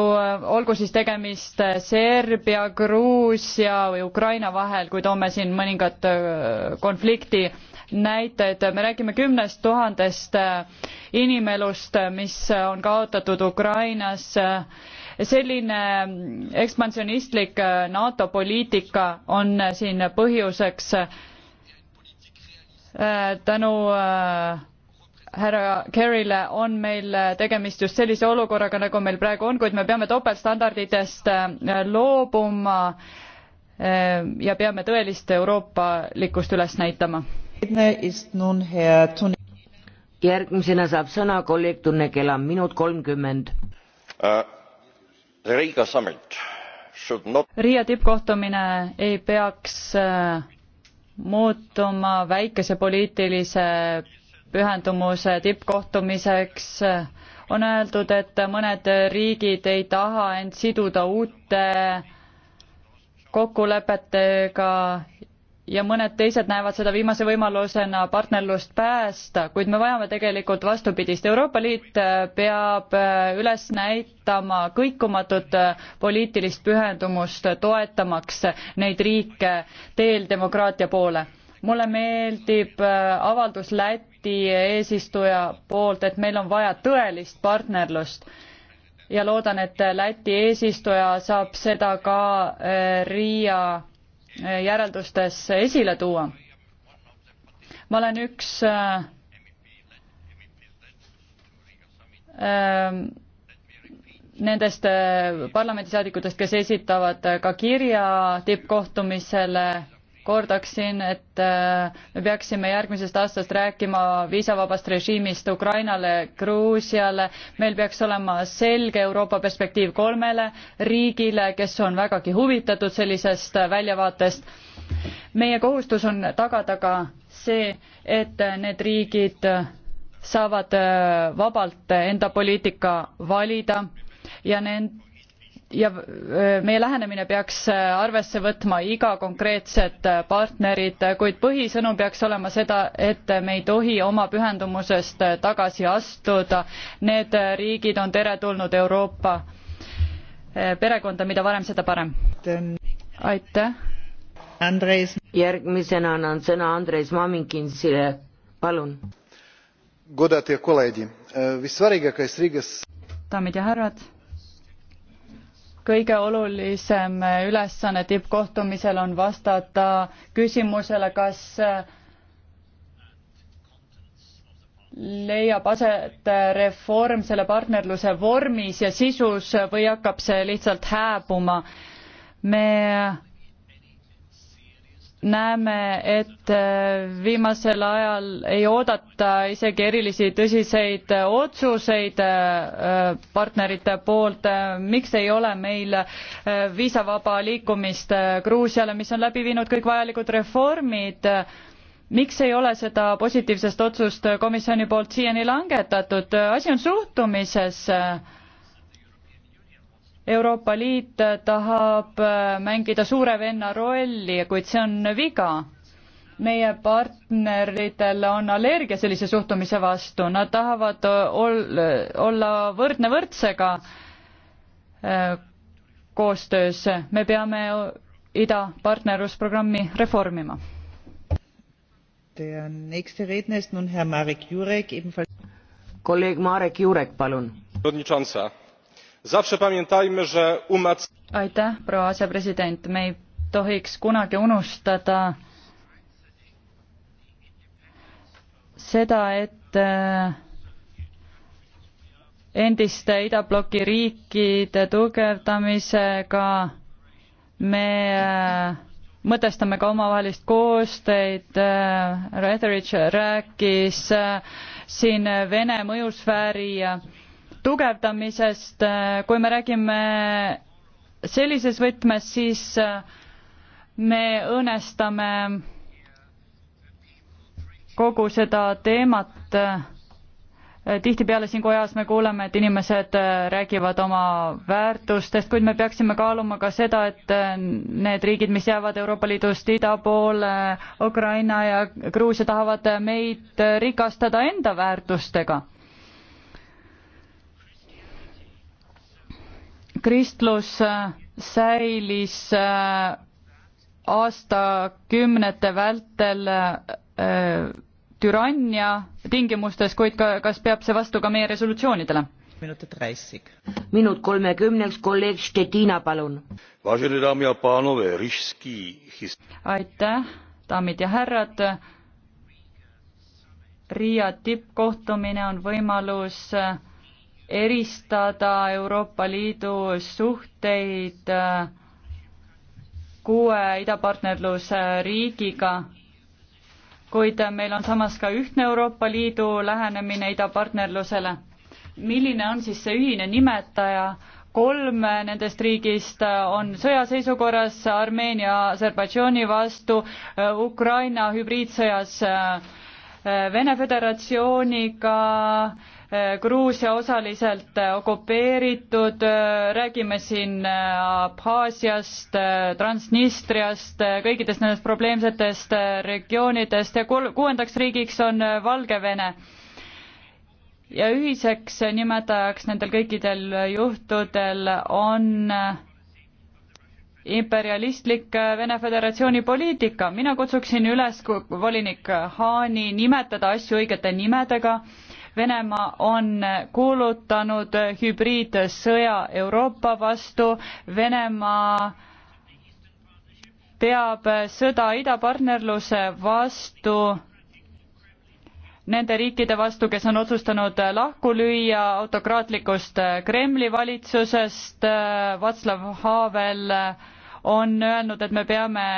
olgu siis tegemist Serbia, Gruusia või Ukraina vahel, kui toome siin mõningad konflikti näiteid, me räägime kümnest tuhandest äh, inimelust, äh, mis äh, on kaotatud Ukrainas. selline ekspansionistlik NATO poliitika on siin põhjuseks tänu härra Kerrile on meil tegemist just sellise olukorraga, nagu meil praegu on, kuid me peame topeltstandarditest loobuma ja peame tõelist euroopalikust üles näitama järgmisena saab sõna kolleeg Tunne, kell on minut kolmkümmend uh,. Not... Riia tippkohtumine ei peaks uh, muutuma väikese poliitilise pühendumuse tippkohtumiseks. Uh, on öeldud, et mõned riigid ei taha end siduda uute kokkulepetega ja mõned teised näevad seda viimase võimalusena partnerlust päästa, kuid me vajame tegelikult vastupidist. Euroopa Liit äh, peab äh, üles näitama kõikumatut äh, poliitilist pühendumust, toetamaks neid riike teel demokraatia poole. mulle meeldib avaldus Läti eesistuja poolt, et meil on vaja tõelist partnerlust ja loodan, et Läti eesistuja saab seda ka Riia järeldustes esile tuua. ma olen üks äh, äh, nendest äh, parlamendisaadikutest, kes esitavad ka kirja tippkohtumisele kordaksin, et äh, me peaksime järgmisest aastast rääkima viisavabast režiimist Ukrainale, Gruusiale, meil peaks olema selge Euroopa perspektiiv kolmele riigile, kes on vägagi huvitatud sellisest väljavaatest. meie kohustus on tagada ka see, et need riigid saavad äh, vabalt enda poliitika valida ja need ja meie lähenemine peaks arvesse võtma iga konkreetset partnerit, kuid põhisõnum peaks olema seda, et me ei tohi oma pühendumusest tagasi astuda. Need riigid on teretulnud Euroopa perekonda, mida varem, seda parem. aitäh. Andres. järgmisena annan sõna Andres Mamikinsile, palun. daamid ja härrad kõige olulisem ülesanne tippkohtumisel on vastata küsimusele, kas leiab aset reform selle partnerluse vormis ja sisus või hakkab see lihtsalt hääbuma. me näeme, et äh, viimasel ajal ei oodata isegi erilisi tõsiseid otsuseid äh, äh, partnerite poolt, miks ei ole meil viisavaba liikumist Gruusiale, mis on läbi viinud kõik vajalikud reformid, miks ei ole seda positiivsest otsust komisjoni poolt siiani langetatud, asi on suhtumises Euroopa Liit tahab mängida suure venna rolli, kuid see on viga. meie partneritel on allergia sellise suhtumise vastu, nad tahavad ol-, olla võrdne võrdsega äh, koostöös, me peame ida partnerlusprogrammi reformima. kolleeg Marek Jurek, palun aitäh, proua asepresident, me ei tohiks kunagi unustada seda, et äh, endiste idabloki riikide tugevdamisega me äh, mõtestame ka omavahelist koostööd, äh, Etheridge rääkis siin Vene mõjusfääri tugevdamisest, äh, kui me räägime sellises võtmes, siis äh, me õõnestame kogu seda teemat. Äh, tihtipeale siin kojas me kuuleme, et inimesed räägivad oma väärtustest, kuid me peaksime kaaluma ka seda, et need riigid, mis jäävad Euroopa Liidust ida poole, Ukraina ja Gruusia tahavad meid rikastada enda väärtustega kristlus äh, säilis äh, aastakümnete vältel äh, türannia tingimustes, kuid ka, kas peab see vastu ka meie resolutsioonidele? minut kolmekümneks, kolleeg Štetina, palun. aitäh, daamid ja härrad. Riia tippkohtumine on võimalus äh, eristada Euroopa Liidu suhteid kuue idapartnerluse riigiga, kuid meil on samas ka ühtne Euroopa Liidu lähenemine idapartnerlusele. milline on siis see ühine nimetaja? kolm nendest riigist on sõjaseisukorras Armeenia Aserbaidžaani vastu, Ukraina hübriidsõjas eh, Vene Föderatsiooniga Gruusia osaliselt äh, okupeeritud, äh, räägime siin äh, Abhaasiast, Transnistriast, kõikidest nendest probleemsetest regioonidest ja kuuendaks riigiks on Valgevene. ja ühiseks nimetajaks nendel kõikidel juhtudel on imperialistlik Vene Föderatsiooni poliitika. mina kutsuksin üles volinik Haani nimetada asju õigete nimedega Venemaa on kuulutanud hübriidsõja Euroopa vastu, Venemaa peab sõda idapartnerluse vastu nende riikide vastu, kes on otsustanud lahku lüüa autokraatlikust Kremli valitsusest. Václav Havel on öelnud, et me peame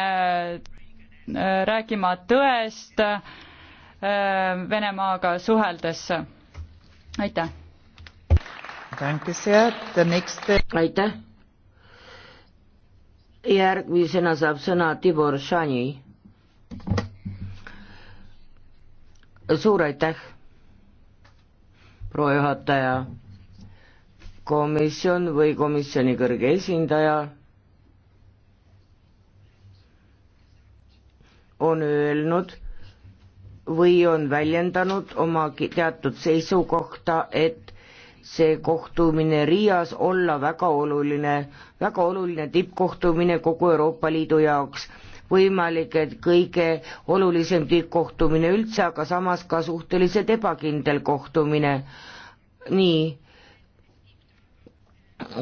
rääkima tõest Äh, Venemaaga suheldes. aitäh. aitäh. järgmisena saab sõna Tibor Šani. suur aitäh, proua juhataja, komisjon või komisjoni kõrge esindaja on öelnud, või on väljendanud oma teatud seisukohta, et see kohtumine Riias olla väga oluline, väga oluline tippkohtumine kogu Euroopa Liidu jaoks. võimalik, et kõige olulisem tippkohtumine üldse, aga samas ka suhteliselt ebakindel kohtumine. nii,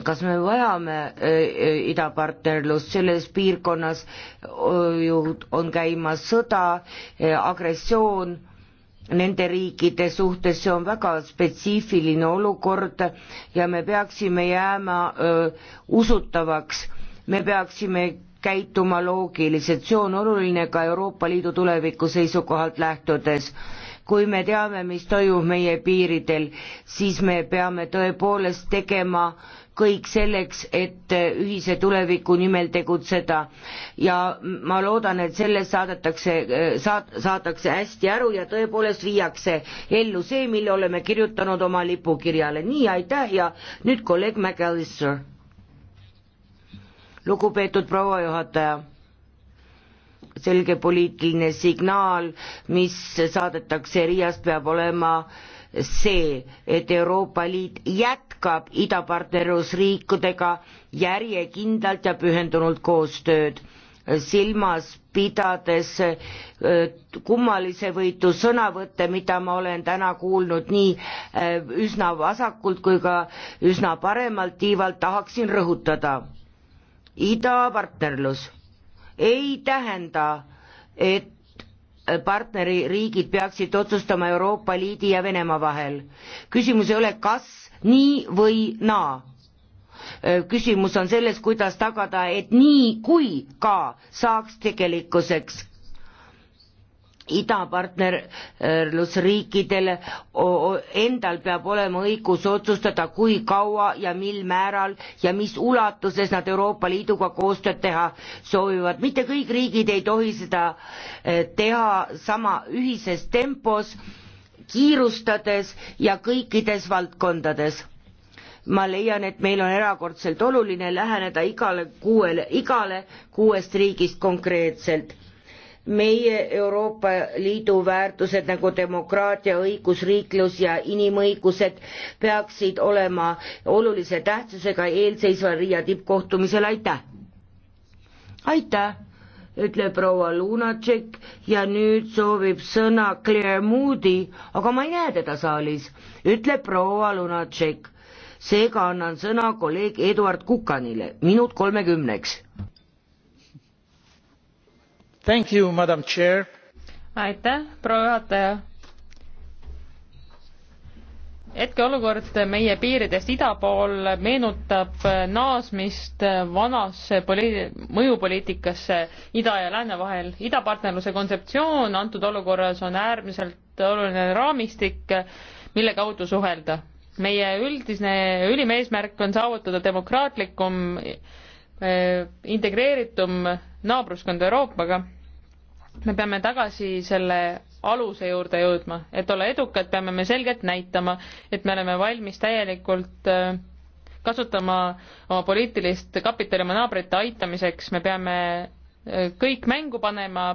kas me vajame e, e, idapartnerlust, selles piirkonnas ju on käimas sõda, e, agressioon nende riikide suhtes, see on väga spetsiifiline olukord ja me peaksime jääma öö, usutavaks, me peaksime käituma loogiliselt, see on oluline ka Euroopa Liidu tuleviku seisukohalt lähtudes kui me teame, mis toimub meie piiridel, siis me peame tõepoolest tegema kõik selleks, et ühise tuleviku nimel tegutseda ja ma loodan, et sellest saadetakse, saad-, saadakse hästi aru ja tõepoolest viiakse ellu see, mille oleme kirjutanud oma lipukirjale, nii aitäh ja nüüd kolleeg McAllister. lugupeetud proua juhataja selge poliitiline signaal, mis saadetakse Riiast, peab olema äh, see, et Euroopa Liit jätkab idapartnerlusriikidega järjekindlalt ja pühendunult koostööd, silmas pidades äh, kummalise võitu sõnavõtte, mida ma olen täna kuulnud nii äh, üsna vasakult kui ka üsna paremalt tiivalt, tahaksin rõhutada. idapartnerlus ei tähenda, et partneririigid peaksid otsustama Euroopa Liidu ja Venemaa vahel. küsimus ei ole kas nii või naa. küsimus on selles, kuidas tagada, et nii kui ka saaks tegelikkuseks idapartnerlusriikidel endal peab olema õigus otsustada, kui kaua ja mil määral ja mis ulatuses nad Euroopa Liiduga koostööd teha soovivad. mitte kõik riigid ei tohi seda eh, teha sama ühises tempos, kiirustades ja kõikides valdkondades ma leian, et meil on erakordselt oluline läheneda igale kuuele, igale kuuest riigist konkreetselt meie Euroopa Liidu väärtused nagu demokraatia, õigusriiklus ja inimõigused peaksid olema olulise tähtsusega eelseisval Riia tippkohtumisel, aitäh! aitäh, ütleb proua Lunatšek ja nüüd soovib sõna Claire Moody, aga ma ei näe teda saalis, ütleb proua Lunatšek seega annan sõna kolleeg Eduard Kukanile, minut kolmekümneks. You, aitäh proua juhataja hetkeolukord meie piiridest ida pool meenutab naasmist vanasse poli- mõjupoliitikasse ida ja lääne vahel idapartnerluse kontseptsioon antud olukorras on äärmiselt oluline raamistik mille kaudu suhelda meie üldisne ülim eesmärk on saavutada demokraatlikum eh, integreeritum naabruskonda Euroopaga, me peame tagasi selle aluse juurde jõudma, et olla edukad, peame me selgelt näitama, et me oleme valmis täielikult äh, kasutama oma poliitilist kapitali oma naabrite aitamiseks, me peame äh, kõik mängu panema,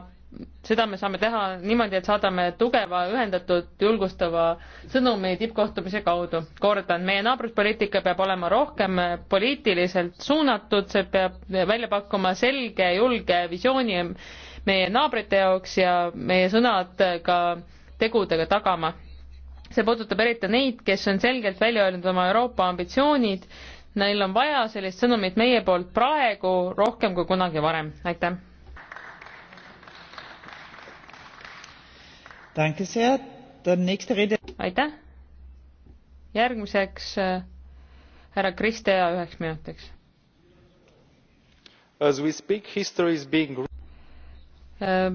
seda me saame teha niimoodi, et saadame tugeva, ühendatud, julgustava sõnumi tippkohtumise kaudu. kordan, meie naabruspoliitika peab olema rohkem poliitiliselt suunatud, see peab välja pakkuma selge, julge visiooni meie naabrite jaoks ja meie sõnad ka tegudega tagama. see puudutab eriti neid, kes on selgelt välja öelnud oma Euroopa ambitsioonid, neil on vaja sellist sõnumit meie poolt praegu rohkem kui kunagi varem, aitäh! aitäh. järgmiseks äh, härra Kristea üheks minutiks. As we speak, history is being äh,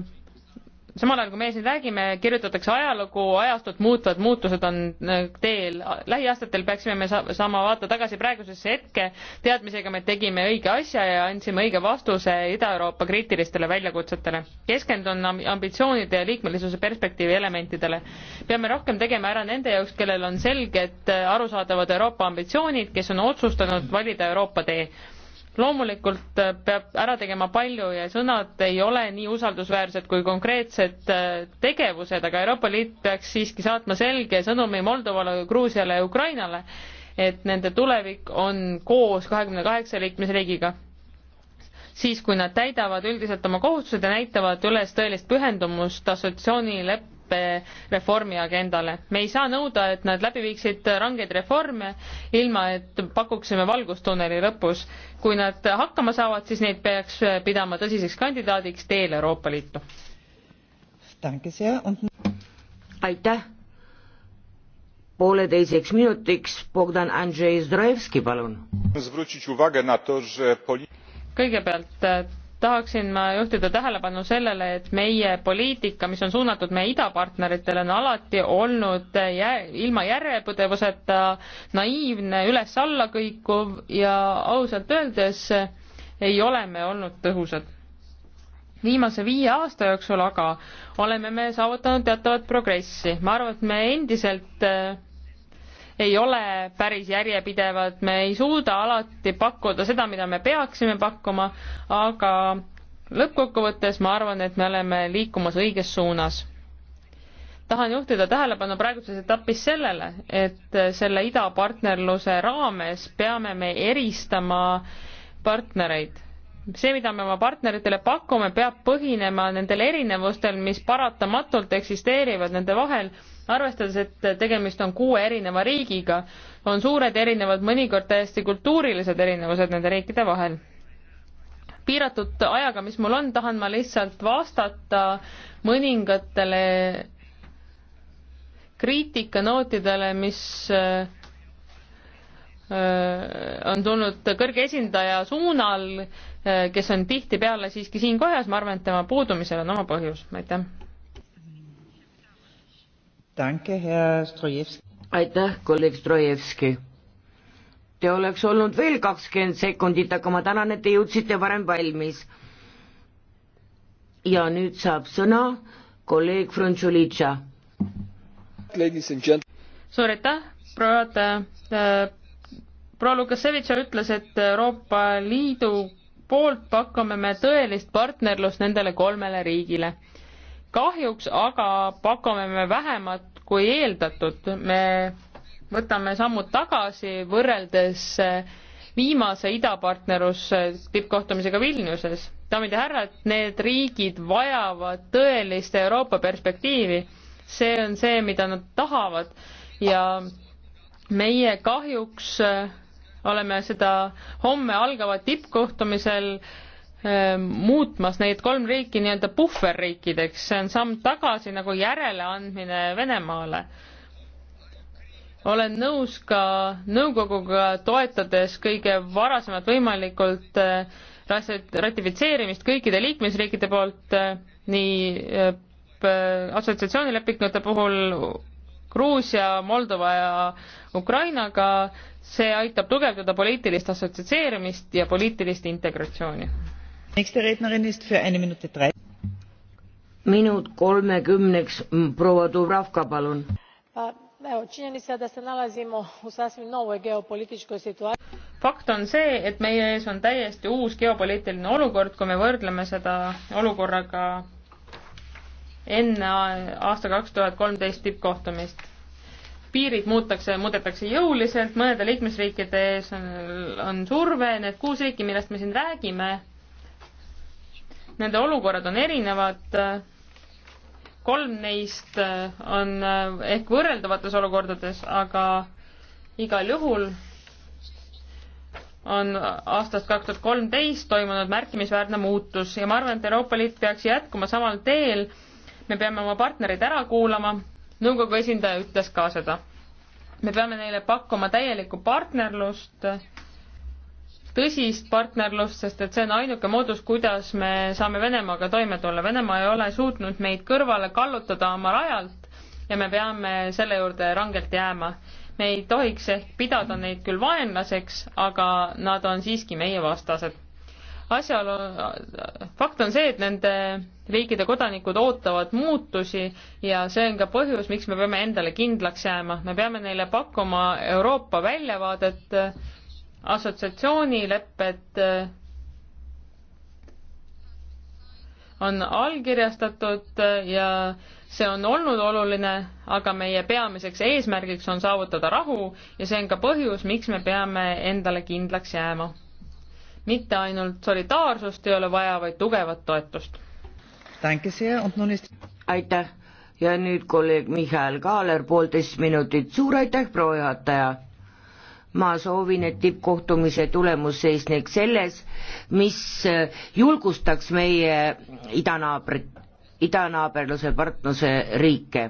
samal ajal, kui meie siin räägime, kirjutatakse ajalugu, ajastut muutvad muutused on äh, teel. lähiaastatel peaksime me saama vaata tagasi praegusesse hetke teadmisega, me tegime õige asja ja andsime õige vastuse Ida-Euroopa kriitilistele väljakutsetele. keskendun ambitsioonide ja liikmelisuse perspektiivi elementidele. peame rohkem tegema ära nende jaoks, kellel on selged, äh, arusaadavad Euroopa ambitsioonid, kes on otsustanud valida Euroopa tee loomulikult äh, peab ära tegema palju ja sõnad ei ole nii usaldusväärsed kui konkreetsed äh, tegevused, aga Euroopa Liit peaks siiski saatma selge sõnumi Moldovale, Gruusiale ja Ukrainale, et nende tulevik on koos kahekümne kaheksa liikmesriigiga. siis, kui nad täidavad üldiselt oma kohustused ja näitavad üles tõelist pühendumust assotsiatsioonileppe ÜPP reformi agendale. me ei saa nõuda, et nad läbi viiksid rangeid reforme, ilma et pakuksime valgustunneli lõpus. kui nad hakkama saavad, siis neid peaks pidama tõsiseks kandidaadiks teel Euroopa Liitu. aitäh! pooleteiseks minutiks Bogdan Andrzej Zdrojevski, palun. kõigepealt tahaksin ma juhtida tähelepanu sellele, et meie poliitika, mis on suunatud meie idapartneritele, on alati olnud jä ilma järjepidevuseta naiivne, üles-alla kõikuv ja ausalt öeldes ei ole me olnud tõhusad. viimase viie aasta jooksul aga oleme me saavutanud teatavat progressi. ma arvan, et me endiselt ei ole päris järjepidevad, me ei suuda alati pakkuda seda, mida me peaksime pakkuma, aga lõppkokkuvõttes ma arvan, et me oleme liikumas õiges suunas. tahan juhtida tähelepanu praeguses etapis sellele, et selle idapartnerluse raames peame me eristama partnereid see, mida me oma partneritele pakume, peab põhinema nendel erinevustel, mis paratamatult eksisteerivad nende vahel arvestades, et tegemist on kuue erineva riigiga, on suured erinevad, mõnikord täiesti kultuurilised erinevused nende riikide vahel. piiratud ajaga, mis mul on, tahan ma lihtsalt vastata mõningatele kriitikanootidele, mis äh, on tulnud kõrge esindaja suunal, äh, kes on tihtipeale siiski siin kojas, ma arvan, et tema puudumisel on oma põhjus, aitäh aitäh, kolleeg Strojevski. Te oleks olnud veel kakskümmend sekundit, aga ma tänan, et te jõudsite varem valmis. ja nüüd saab sõna kolleeg Frunzulitša. suur aitäh, proua juhataja. Äh, proua Lukasevitš ütles, et Euroopa Liidu poolt pakume me tõelist partnerlust nendele kolmele riigile kahjuks aga pakume me vähemat kui eeldatud, me võtame sammud tagasi võrreldes viimase idapartnerlus tippkohtumisega Vilniuses. daamid ja härrad, need riigid vajavad tõelist Euroopa perspektiivi. see on see, mida nad tahavad ja meie kahjuks oleme seda homme algaval tippkohtumisel äh, Ähm, muutmas neid kolm riiki nii-öelda puhverriikideks, see on samm tagasi nagu järeleandmine Venemaale. olen nõus ka nõukoguga, toetades kõige varasemat võimalikult äh, ratifitseerimist kõikide liikmesriikide poolt, äh, nii äh, assotsiatsioonilepingute puhul Gruusia, Moldova ja Ukrainaga, see aitab tugevdada poliitilist assotsieerimist ja poliitilist integratsiooni minut kolmekümneks proua dubravka palun. činjenica je da se nalazimo u sasvim novoj geopolitičkoj situaciji. fakt on see et meie ees on täiesti uus geopoliitiline olukord kui me võrdleme seda olukorraga enne aasta kaks tuhat kolmteist tippkohtumist. piirid muutakse, muudetakse jõuliselt, mõnede liikmesriikide ees on, on surve, need kuus riiki, millest me siin räägime, Nende olukorrad on erinevad, kolm neist on ehk võrreldavates olukordades, aga igal juhul on aastast kaks tuhat kolmteist toimunud märkimisväärne muutus ja ma arvan, et Euroopa Liit peaks jätkuma samal teel. me peame oma partnerid ära kuulama, nõukogu esindaja ütles ka seda. me peame neile pakkuma täielikku partnerlust tõsist partnerlust, sest et see on ainuke moodus, kuidas me saame Venemaaga toime tulla. Venemaa ei ole suutnud meid kõrvale kallutada oma rajalt ja me peame selle juurde rangelt jääma. me ei tohiks ehk pidada neid küll vaenlaseks, aga nad on siiski meie vastased. asjaolu, fakt on see, et nende riikide kodanikud ootavad muutusi ja see on ka põhjus, miks me peame endale kindlaks jääma. me peame neile pakkuma Euroopa väljavaadet assotsiatsioonilepped äh, on allkirjastatud äh, ja see on olnud oluline, aga meie peamiseks eesmärgiks on saavutada rahu ja see on ka põhjus, miks me peame endale kindlaks jääma. mitte ainult solidaarsust ei ole vaja, vaid tugevat toetust. aitäh ja nüüd kolleeg Mihhail Kaaler, poolteist minutit, suur aitäh, proua juhataja ma soovin, et tippkohtumise tulemus seisneks selles, mis julgustaks meie idanaaber, idanaaberluse partnerluse riike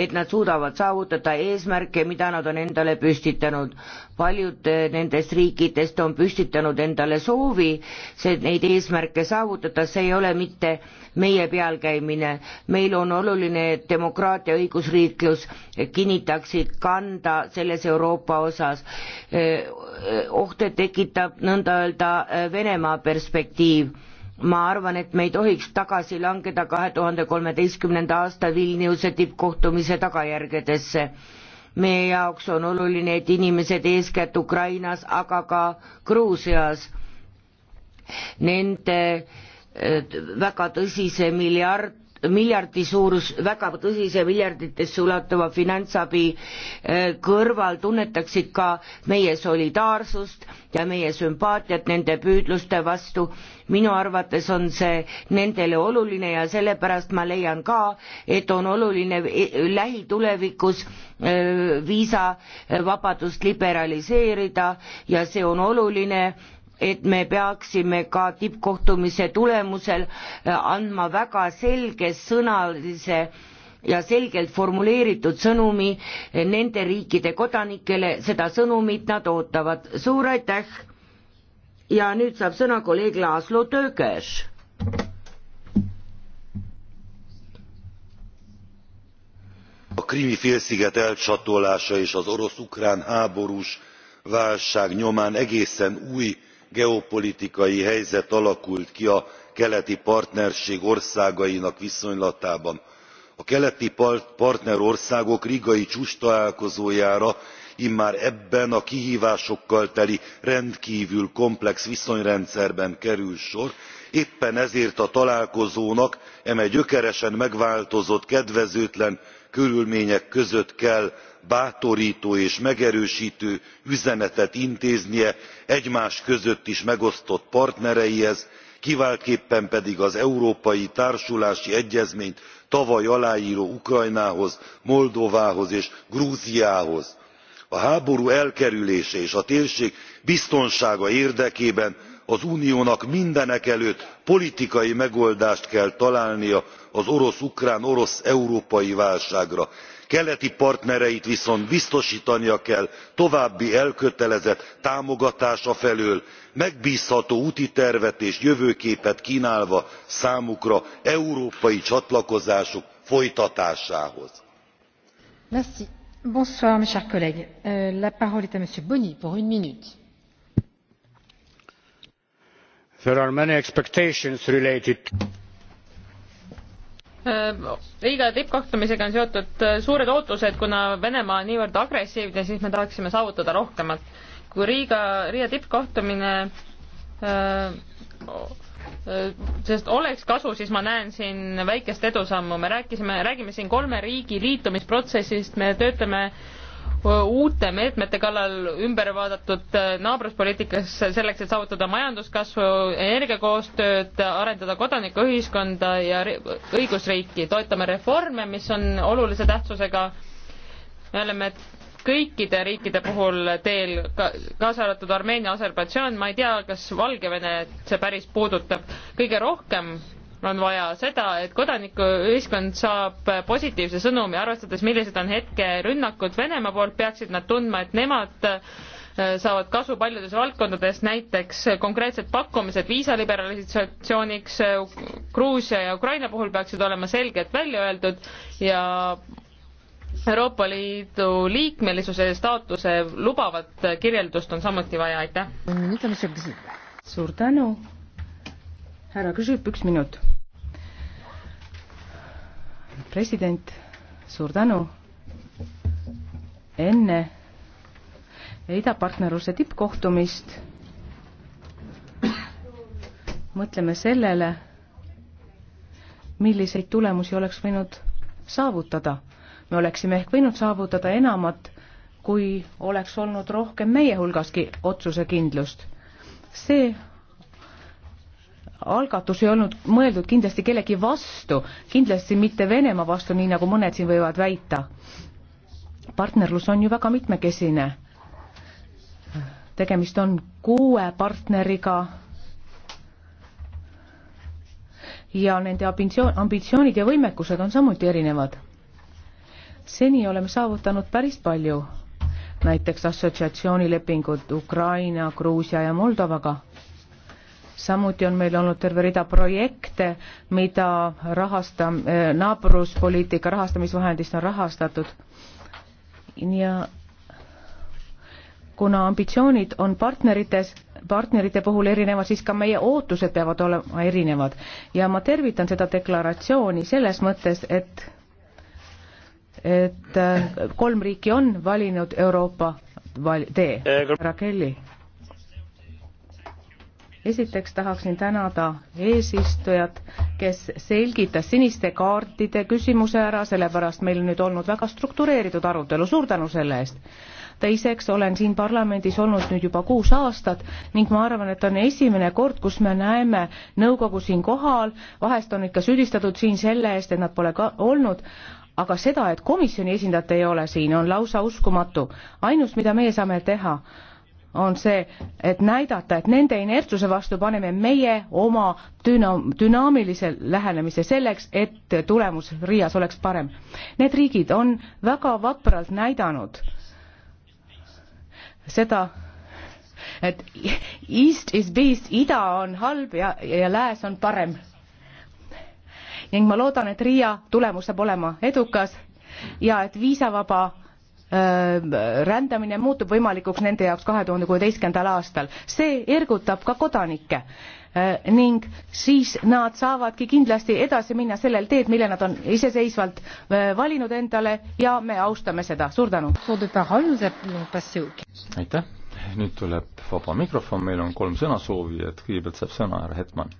et nad suudavad saavutada eesmärke, mida nad on endale püstitanud. paljud eh, nendest riikidest on püstitanud endale soovi see, neid eesmärke saavutada, see ei ole mitte meie pealkäimine. meil on oluline, et demokraatia, õigusriiklus kinnitaksid kanda selles Euroopa osas. Eh, eh, ohte tekitab nõnda öelda Venemaa perspektiiv ma arvan, et me ei tohiks tagasi langeda kahe tuhande kolmeteistkümnenda aasta Vilniuse tippkohtumise tagajärgedesse. meie jaoks on oluline, et inimesed eeskätt Ukrainas, aga ka Gruusias, nende äh, väga tõsise miljard miljardi suurus, väga tõsise miljarditesse ulatuva finantsabi äh, kõrval tunnetaksid ka meie solidaarsust ja meie sümpaatiat nende püüdluste vastu. minu arvates on see nendele oluline ja sellepärast ma leian ka, et on oluline lähitulevikus äh, viisavabadust liberaliseerida ja see on oluline et me peaksime ka tippkohtumise tulemusel äh, andma väga selgesõnalise ja selgelt formuleeritud sõnumi äh, nende riikide kodanikele, seda sõnumit nad ootavad. suur aitäh! ja nüüd saab sõna kolleeg Laslo Tökes. a krimi félsziget elcsatolása és az orosz ukrán háborús válság nyomán egészen új geopolitikai helyzet alakult ki a keleti partnerség országainak viszonylatában. a keleti partner országok rigai csúcstalálkozójára immár ebben a kihvásokkal teli rendkvül komplex viszonyrendszerben kerül sor éppen ezért a találkozónak eme gyökeresen megváltozott kedvezőtlen körülmények között kell bátortó és megerőstő üzenetet intéznie egymás között is megosztott partnereihez kiváltképpen pedig az európai társulási egyezményt tavaly aláró ukrajnához moldovához és grúziához. a háború elkerülése és a térség biztonsága érdekében az uniónak mindenekelőtt politikai megoldást kell találnia az orosz ukrán orosz európai válságra keleti partnereit viszont biztostania kell további elkötelezett támogatása felől megbzható útitervet és jövőképet knálva számukra európai csatlakozásuk folytatásához. Euh, there are many expectations related to Riiga äh, tippkohtumisega on seotud äh, suured ootused, kuna Venemaa on niivõrd agressiivne, siis me tahaksime saavutada rohkemat. kui Riiga, Riia tippkohtumine äh, sest oleks kasu, siis ma näen siin väikest edusammu, me rääkisime, räägime siin kolme riigi liitumisprotsessist, me töötame äh, uute meetmete kallal ümber vaadatud äh, naabruspoliitikas selleks, et saavutada majanduskasvu, energiakoostööd, arendada kodanikuühiskonda ja õigusriiki, toetame reforme, mis on olulise tähtsusega. me oleme kõikide riikide puhul teel, kaasa arvatud Armeenia, Aserbaidžaan, ma ei tea, kas Valgevenet see päris puudutab kõige rohkem on vaja seda, et kodanikuühiskond saab positiivse sõnumi, arvestades, millised on hetke rünnakud Venemaa poolt, peaksid nad tundma, et nemad äh, saavad kasu paljudes valdkondades, näiteks konkreetsed pakkumised viisaliberalisatsiooniks äh, Gruusia ja Ukraina puhul peaksid olema selgelt välja öeldud ja Euroopa Liidu liikmelisuse staatuse lubavat kirjeldust on samuti vaja, aitäh. suur tänu. härra küsib üks minut president, suur tänu. enne idapartnerluse tippkohtumist mõtleme sellele, milliseid tulemusi oleks võinud saavutada. me oleksime ehk võinud saavutada enamat, kui oleks olnud rohkem meie hulgaski otsusekindlust. see algatus ei olnud mõeldud kindlasti kellegi vastu, kindlasti mitte Venemaa vastu, nii nagu mõned siin võivad väita. partnerlus on ju väga mitmekesine. tegemist on kuue partneriga ja nende ambitsioon, ambitsioonid ja võimekused on samuti erinevad. seni oleme saavutanud päris palju, näiteks assotsiatsioonilepingud Ukraina, Gruusia ja Moldovaga samuti on meil olnud terve rida projekte, mida rahasta-, naabruspoliitika rahastamisvahendist on rahastatud. ja kuna ambitsioonid on partnerites, partnerite puhul erinevad, siis ka meie ootused peavad olema erinevad. ja ma tervitan seda deklaratsiooni selles mõttes, et et äh, kolm riiki on valinud Euroopa val-, tee. härra Kelly esiteks tahaksin tänada eesistujat, kes selgitas siniste kaartide küsimuse ära, sellepärast meil on nüüd olnud väga struktureeritud arutelu, suur tänu selle eest. teiseks olen siin parlamendis olnud nüüd juba kuus aastat ning ma arvan, et on esimene kord, kus me näeme nõukogu siin kohal, vahest on ikka süüdistatud siin selle eest, et nad pole ka olnud, aga seda, et komisjoni esindajat ei ole siin, on lausa uskumatu. ainus, mida meie saame teha, on see, et näidata, et nende inertsuse vastu paneme meie oma düna-, dünaamilise lähenemise selleks, et tulemus Riias oleks parem. Need riigid on väga vapralt näidanud seda, et east is beast, ida on halb ja, ja lääs on parem. ning ma loodan, et Riia tulemus saab olema edukas ja et viisavaba Äh, rändamine muutub võimalikuks nende jaoks kahe tuhande kuueteistkümnendal aastal. see ergutab ka kodanikke äh, ning siis nad saavadki kindlasti edasi minna sellel teed, mille nad on iseseisvalt äh, valinud endale ja me austame seda. suur tänu. aitäh, nüüd tuleb vaba mikrofon, meil on kolm sõnasoovijat, kõigepealt saab sõna härra Hetman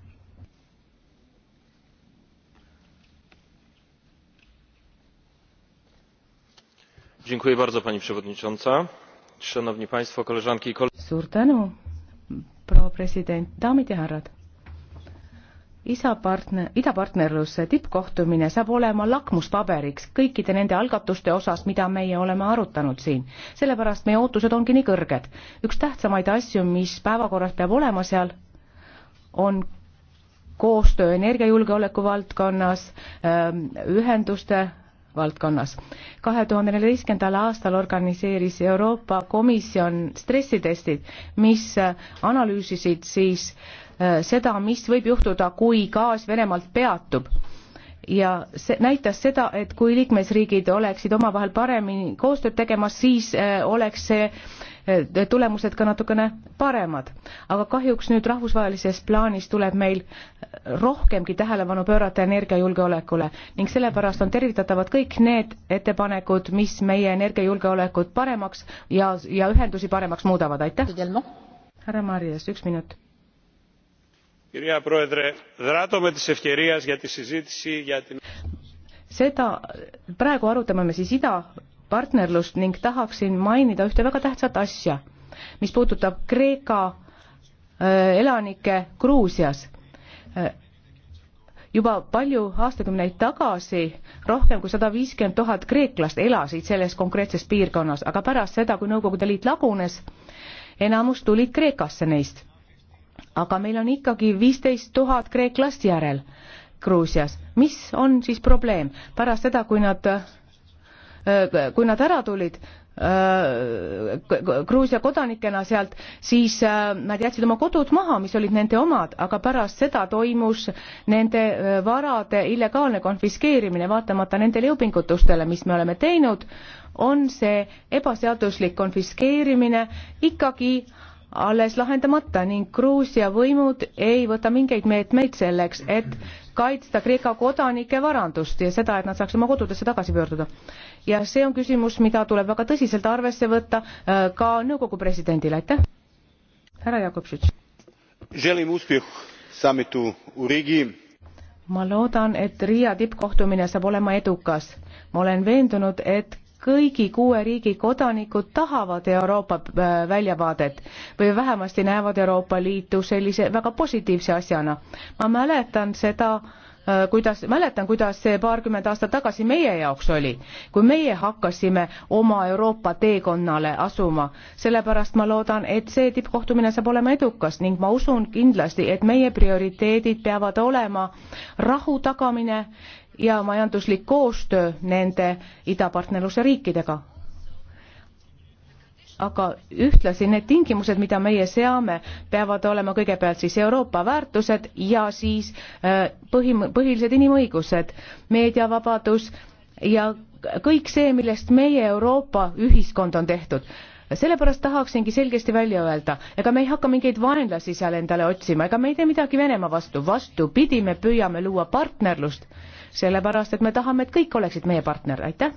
pani przewodnicząca! szanowni państwo koleżanki i koledzy! suur tänu proua president daamid ja härrad! isapartner idapartnerluse tippkohtumine saab olema lakmuspaberiks kõikide nende algatuste osas mida meie oleme arutanud siin sellepärast meie ootused ongi nii kõrged üks tähtsamaid asju mis päevakorras peab olema seal on koostöö energiajulgeoleku valdkonnas ähm, ühenduste valdkonnas. kahe tuhande neljateistkümnendal aastal organiseeris Euroopa Komisjon stressitestid, mis äh, analüüsisid siis äh, seda, mis võib juhtuda, kui gaas Venemaalt peatub ja see näitas seda, et kui liikmesriigid oleksid omavahel paremini koostööd tegemas, siis äh, oleks see Eh, tulemused ka natukene paremad. aga kahjuks nüüd rahvusvahelises plaanis tuleb meil rohkemgi tähelepanu pöörata energiajulgeolekule ning sellepärast on tervitatavad kõik need ettepanekud, mis meie energiajulgeolekut paremaks ja, ja ühendusi paremaks muudavad, aitäh! härra Marias, üks minut seda praegu arutame me siis ida partnerlust ning tahaksin mainida ühte väga tähtsat asja, mis puudutab Kreeka äh, elanikke Gruusias. Äh, juba palju aastakümneid tagasi rohkem kui sada viiskümmend tuhat kreeklast elasid selles konkreetses piirkonnas, aga pärast seda, kui Nõukogude Liit lagunes, enamus tulid Kreekasse neist. aga meil on ikkagi viisteist tuhat kreeklast järel Gruusias. mis on siis probleem? pärast seda, kui nad Äh, kui nad ära tulid äh, Gruusia kodanikena sealt, siis äh, nad jätsid oma kodud maha, mis olid nende omad, aga pärast seda toimus nende varade illegaalne konfiskeerimine, vaatamata nendele jõupingutustele, mis me oleme teinud, on see ebaseaduslik konfiskeerimine ikkagi alles lahendamata ning Gruusia võimud ei võta mingeid meetmeid selleks, et kaitsta Kreeka kodanike varandust ja seda, et nad saaks oma kodudesse tagasi pöörduda. ja see on küsimus, mida tuleb väga tõsiselt arvesse võtta äh, ka nõukogu presidendile, aitäh. härra Jakobtšitš. ma loodan, et Riia tippkohtumine saab olema edukas. ma olen veendunud, et kõigi kuue riigi kodanikud tahavad Euroopa äh, väljavaadet või vähemasti näevad Euroopa Liitu sellise väga positiivse asjana. ma mäletan seda äh, kuidas, mäletan, kuidas see paarkümmend aastat tagasi meie jaoks oli, kui meie hakkasime oma Euroopa teekonnale asuma. sellepärast ma loodan, et see tippkohtumine saab olema edukas ning ma usun kindlasti, et meie prioriteedid peavad olema rahu tagamine ja majanduslik koostöö nende idapartnerluse riikidega. aga ühtlasi need tingimused, mida meie seame, peavad olema kõigepealt siis Euroopa väärtused ja siis äh, põhim-, põhilised inimõigused, meediavabadus ja kõik see, millest meie Euroopa ühiskond on tehtud sellepärast tahaksingi selgesti välja öelda, ega me ei hakka mingeid vaenlasi seal endale otsima, ega me ei tee midagi Venemaa vastu, vastupidi, me püüame luua partnerlust sellepärast et me tahame, et kõik oleksid meie partner, aitäh!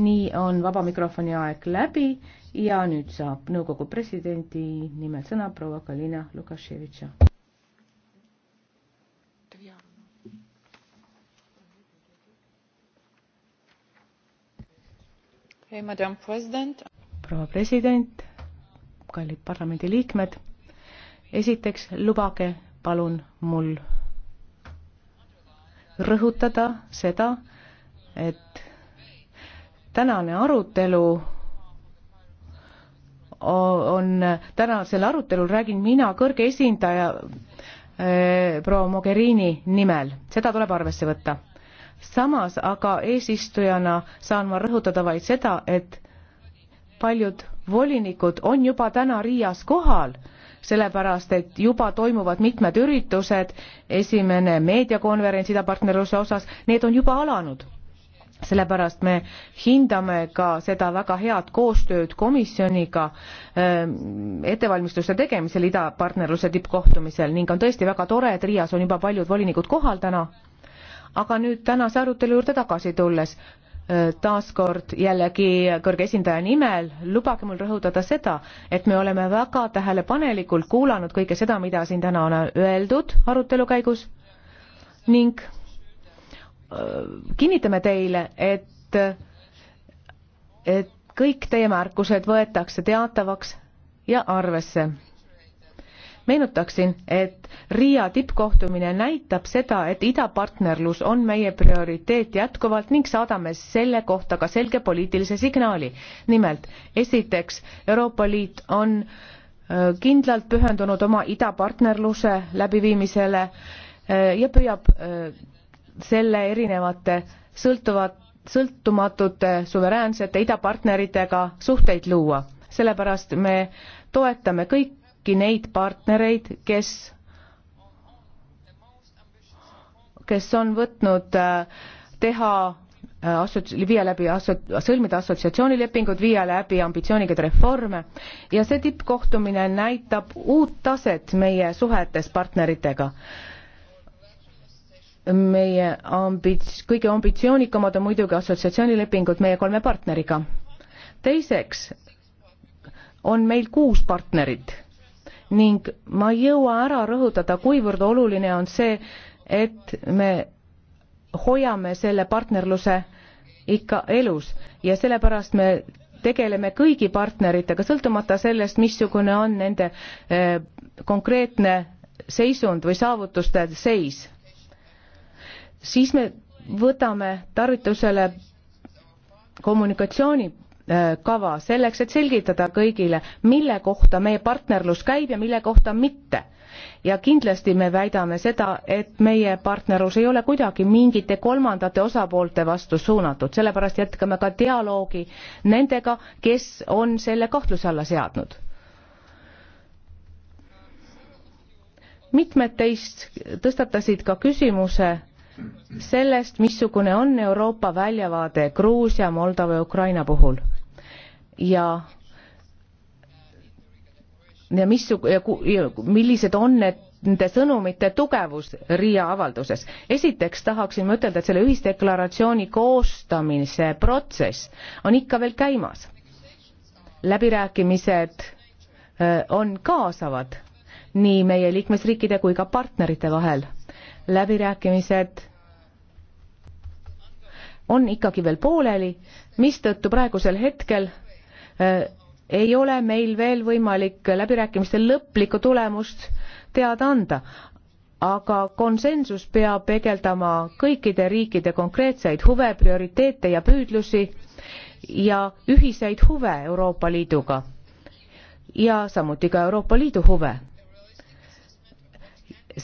nii on vaba mikrofoni aeg läbi ja nüüd saab nõukogu presidendi nimel sõna proua Kalina Lukaševitša. proua president, kallid parlamendiliikmed, esiteks lubage palun mul rõhutada seda, et tänane arutelu on, tänasel arutelul räägin mina kõrge esindaja eh, proua Mogherini nimel, seda tuleb arvesse võtta. samas aga eesistujana saan ma rõhutada vaid seda, et paljud volinikud on juba täna Riias kohal sellepärast et juba toimuvad mitmed üritused, esimene meediakonverents idapartnerluse osas, need on juba alanud. sellepärast me hindame ka seda väga head koostööd komisjoniga ähm, ettevalmistuste tegemisel idapartnerluse tippkohtumisel ning on tõesti väga tore, et Riias on juba paljud volinikud kohal täna. aga nüüd tänase arutelu juurde tagasi tulles taaskord jällegi kõrge esindaja nimel, lubage mul rõhutada seda, et me oleme väga tähelepanelikult kuulanud kõike seda, mida siin täna on öeldud arutelu käigus ning kinnitame teile, et, et kõik teie märkused võetakse teatavaks ja arvesse meenutaksin, et Riia tippkohtumine näitab seda, et idapartnerlus on meie prioriteet jätkuvalt ning saadame selle kohta ka selge poliitilise signaali. nimelt, esiteks Euroopa Liit on äh, kindlalt pühendunud oma idapartnerluse läbiviimisele äh, ja püüab äh, selle erinevate sõltuvat, sõltumatute suveräänsete idapartneritega suhteid luua. sellepärast me toetame kõik kõiki neid partnereid, kes, kes on võtnud äh, teha äh, assots-, viia läbi assot-, sõlmida assotsiatsioonilepingud, viia läbi ambitsioonikaid reforme ja see tippkohtumine näitab uut taset meie suhetes partneritega. meie ambits-, kõige ambitsioonikamad on muidugi assotsiatsioonilepingud meie kolme partneriga. teiseks on meil kuus partnerit ning ma ei jõua ära rõhutada, kuivõrd oluline on see, et me hoiame selle partnerluse ikka elus ja sellepärast me tegeleme kõigi partneritega, sõltumata sellest, missugune on nende eh, konkreetne seisund või saavutuste seis. siis me võtame tarvitusele kommunikatsiooni Äh, kava selleks, et selgitada kõigile, mille kohta meie partnerlus käib ja mille kohta mitte. ja kindlasti me väidame seda, et meie partnerlus ei ole kuidagi mingite kolmandate osapoolte vastu suunatud, sellepärast jätkame ka dialoogi nendega, kes on selle kahtluse alla seadnud. mitmed teist tõstatasid ka küsimuse sellest missugune on euroopa väljavaade gruusia moldova ja ukraina puhul ja ja missug- ja ku- ja millised on need nende sõnumite tugevus Riia avalduses. esiteks tahaksin ma ütelda, et selle ühisdeklaratsiooni koostamise protsess on ikka veel käimas. läbirääkimised äh, on kaasavad nii meie liikmesriikide kui ka partnerite vahel. läbirääkimised on ikkagi veel pooleli, mistõttu praegusel hetkel Äh, ei ole meil veel võimalik läbirääkimiste lõplikku tulemust teada anda, aga konsensus peab peegeldama kõikide riikide konkreetseid huve, prioriteete ja püüdlusi ja ühiseid huve Euroopa Liiduga ja samuti ka Euroopa Liidu huve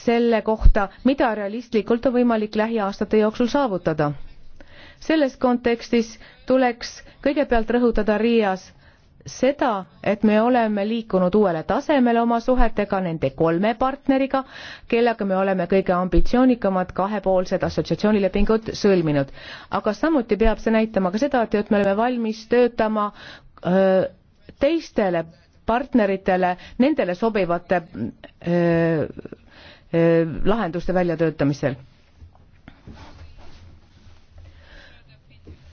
selle kohta, mida realistlikult on võimalik lähiaastate jooksul saavutada. selles kontekstis tuleks kõigepealt rõhutada Riias seda, et me oleme liikunud uuele tasemele oma suhetega nende kolme partneriga, kellega me oleme kõige ambitsioonikamad kahepoolsed assotsiatsioonilepingud sõlminud. aga samuti peab see näitama ka seda, et me oleme valmis töötama öö, teistele partneritele nendele sobivate öö, öö, lahenduste väljatöötamisel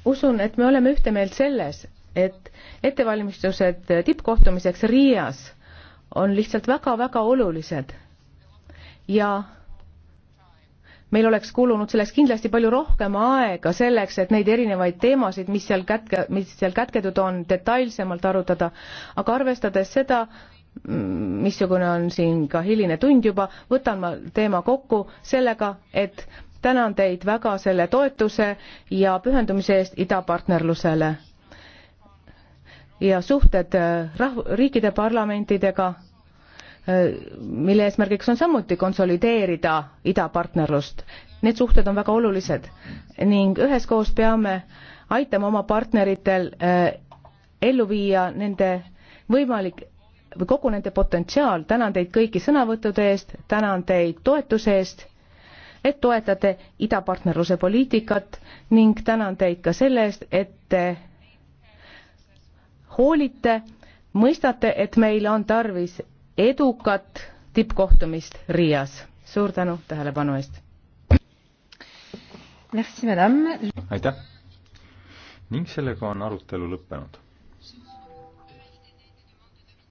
usun, et me oleme ühte meelt selles, et ettevalmistused tippkohtumiseks Riias on lihtsalt väga-väga olulised ja meil oleks kulunud selleks kindlasti palju rohkem aega selleks, et neid erinevaid teemasid, mis seal kätke, mis seal kätketud on, detailsemalt arutada, aga arvestades seda, missugune on siin ka hiline tund juba, võtan ma teema kokku sellega, et tänan teid väga selle toetuse ja pühendumise eest idapartnerlusele ja suhted äh, rahv-, riikide parlamentidega, äh, mille eesmärgiks on samuti konsolideerida idapartnerlust. Need suhted on väga olulised ning üheskoos peame aitama oma partneritel äh, ellu viia nende võimalik või kogu nende potentsiaal. tänan teid kõiki sõnavõttude eest, tänan teid toetuse eest, et toetate idapartnerluse poliitikat ning tänan teid ka selle eest, et te hoolite, mõistate, et meil on tarvis edukat tippkohtumist Riias. suur tänu tähelepanu eest! aitäh! ning sellega on arutelu lõppenud.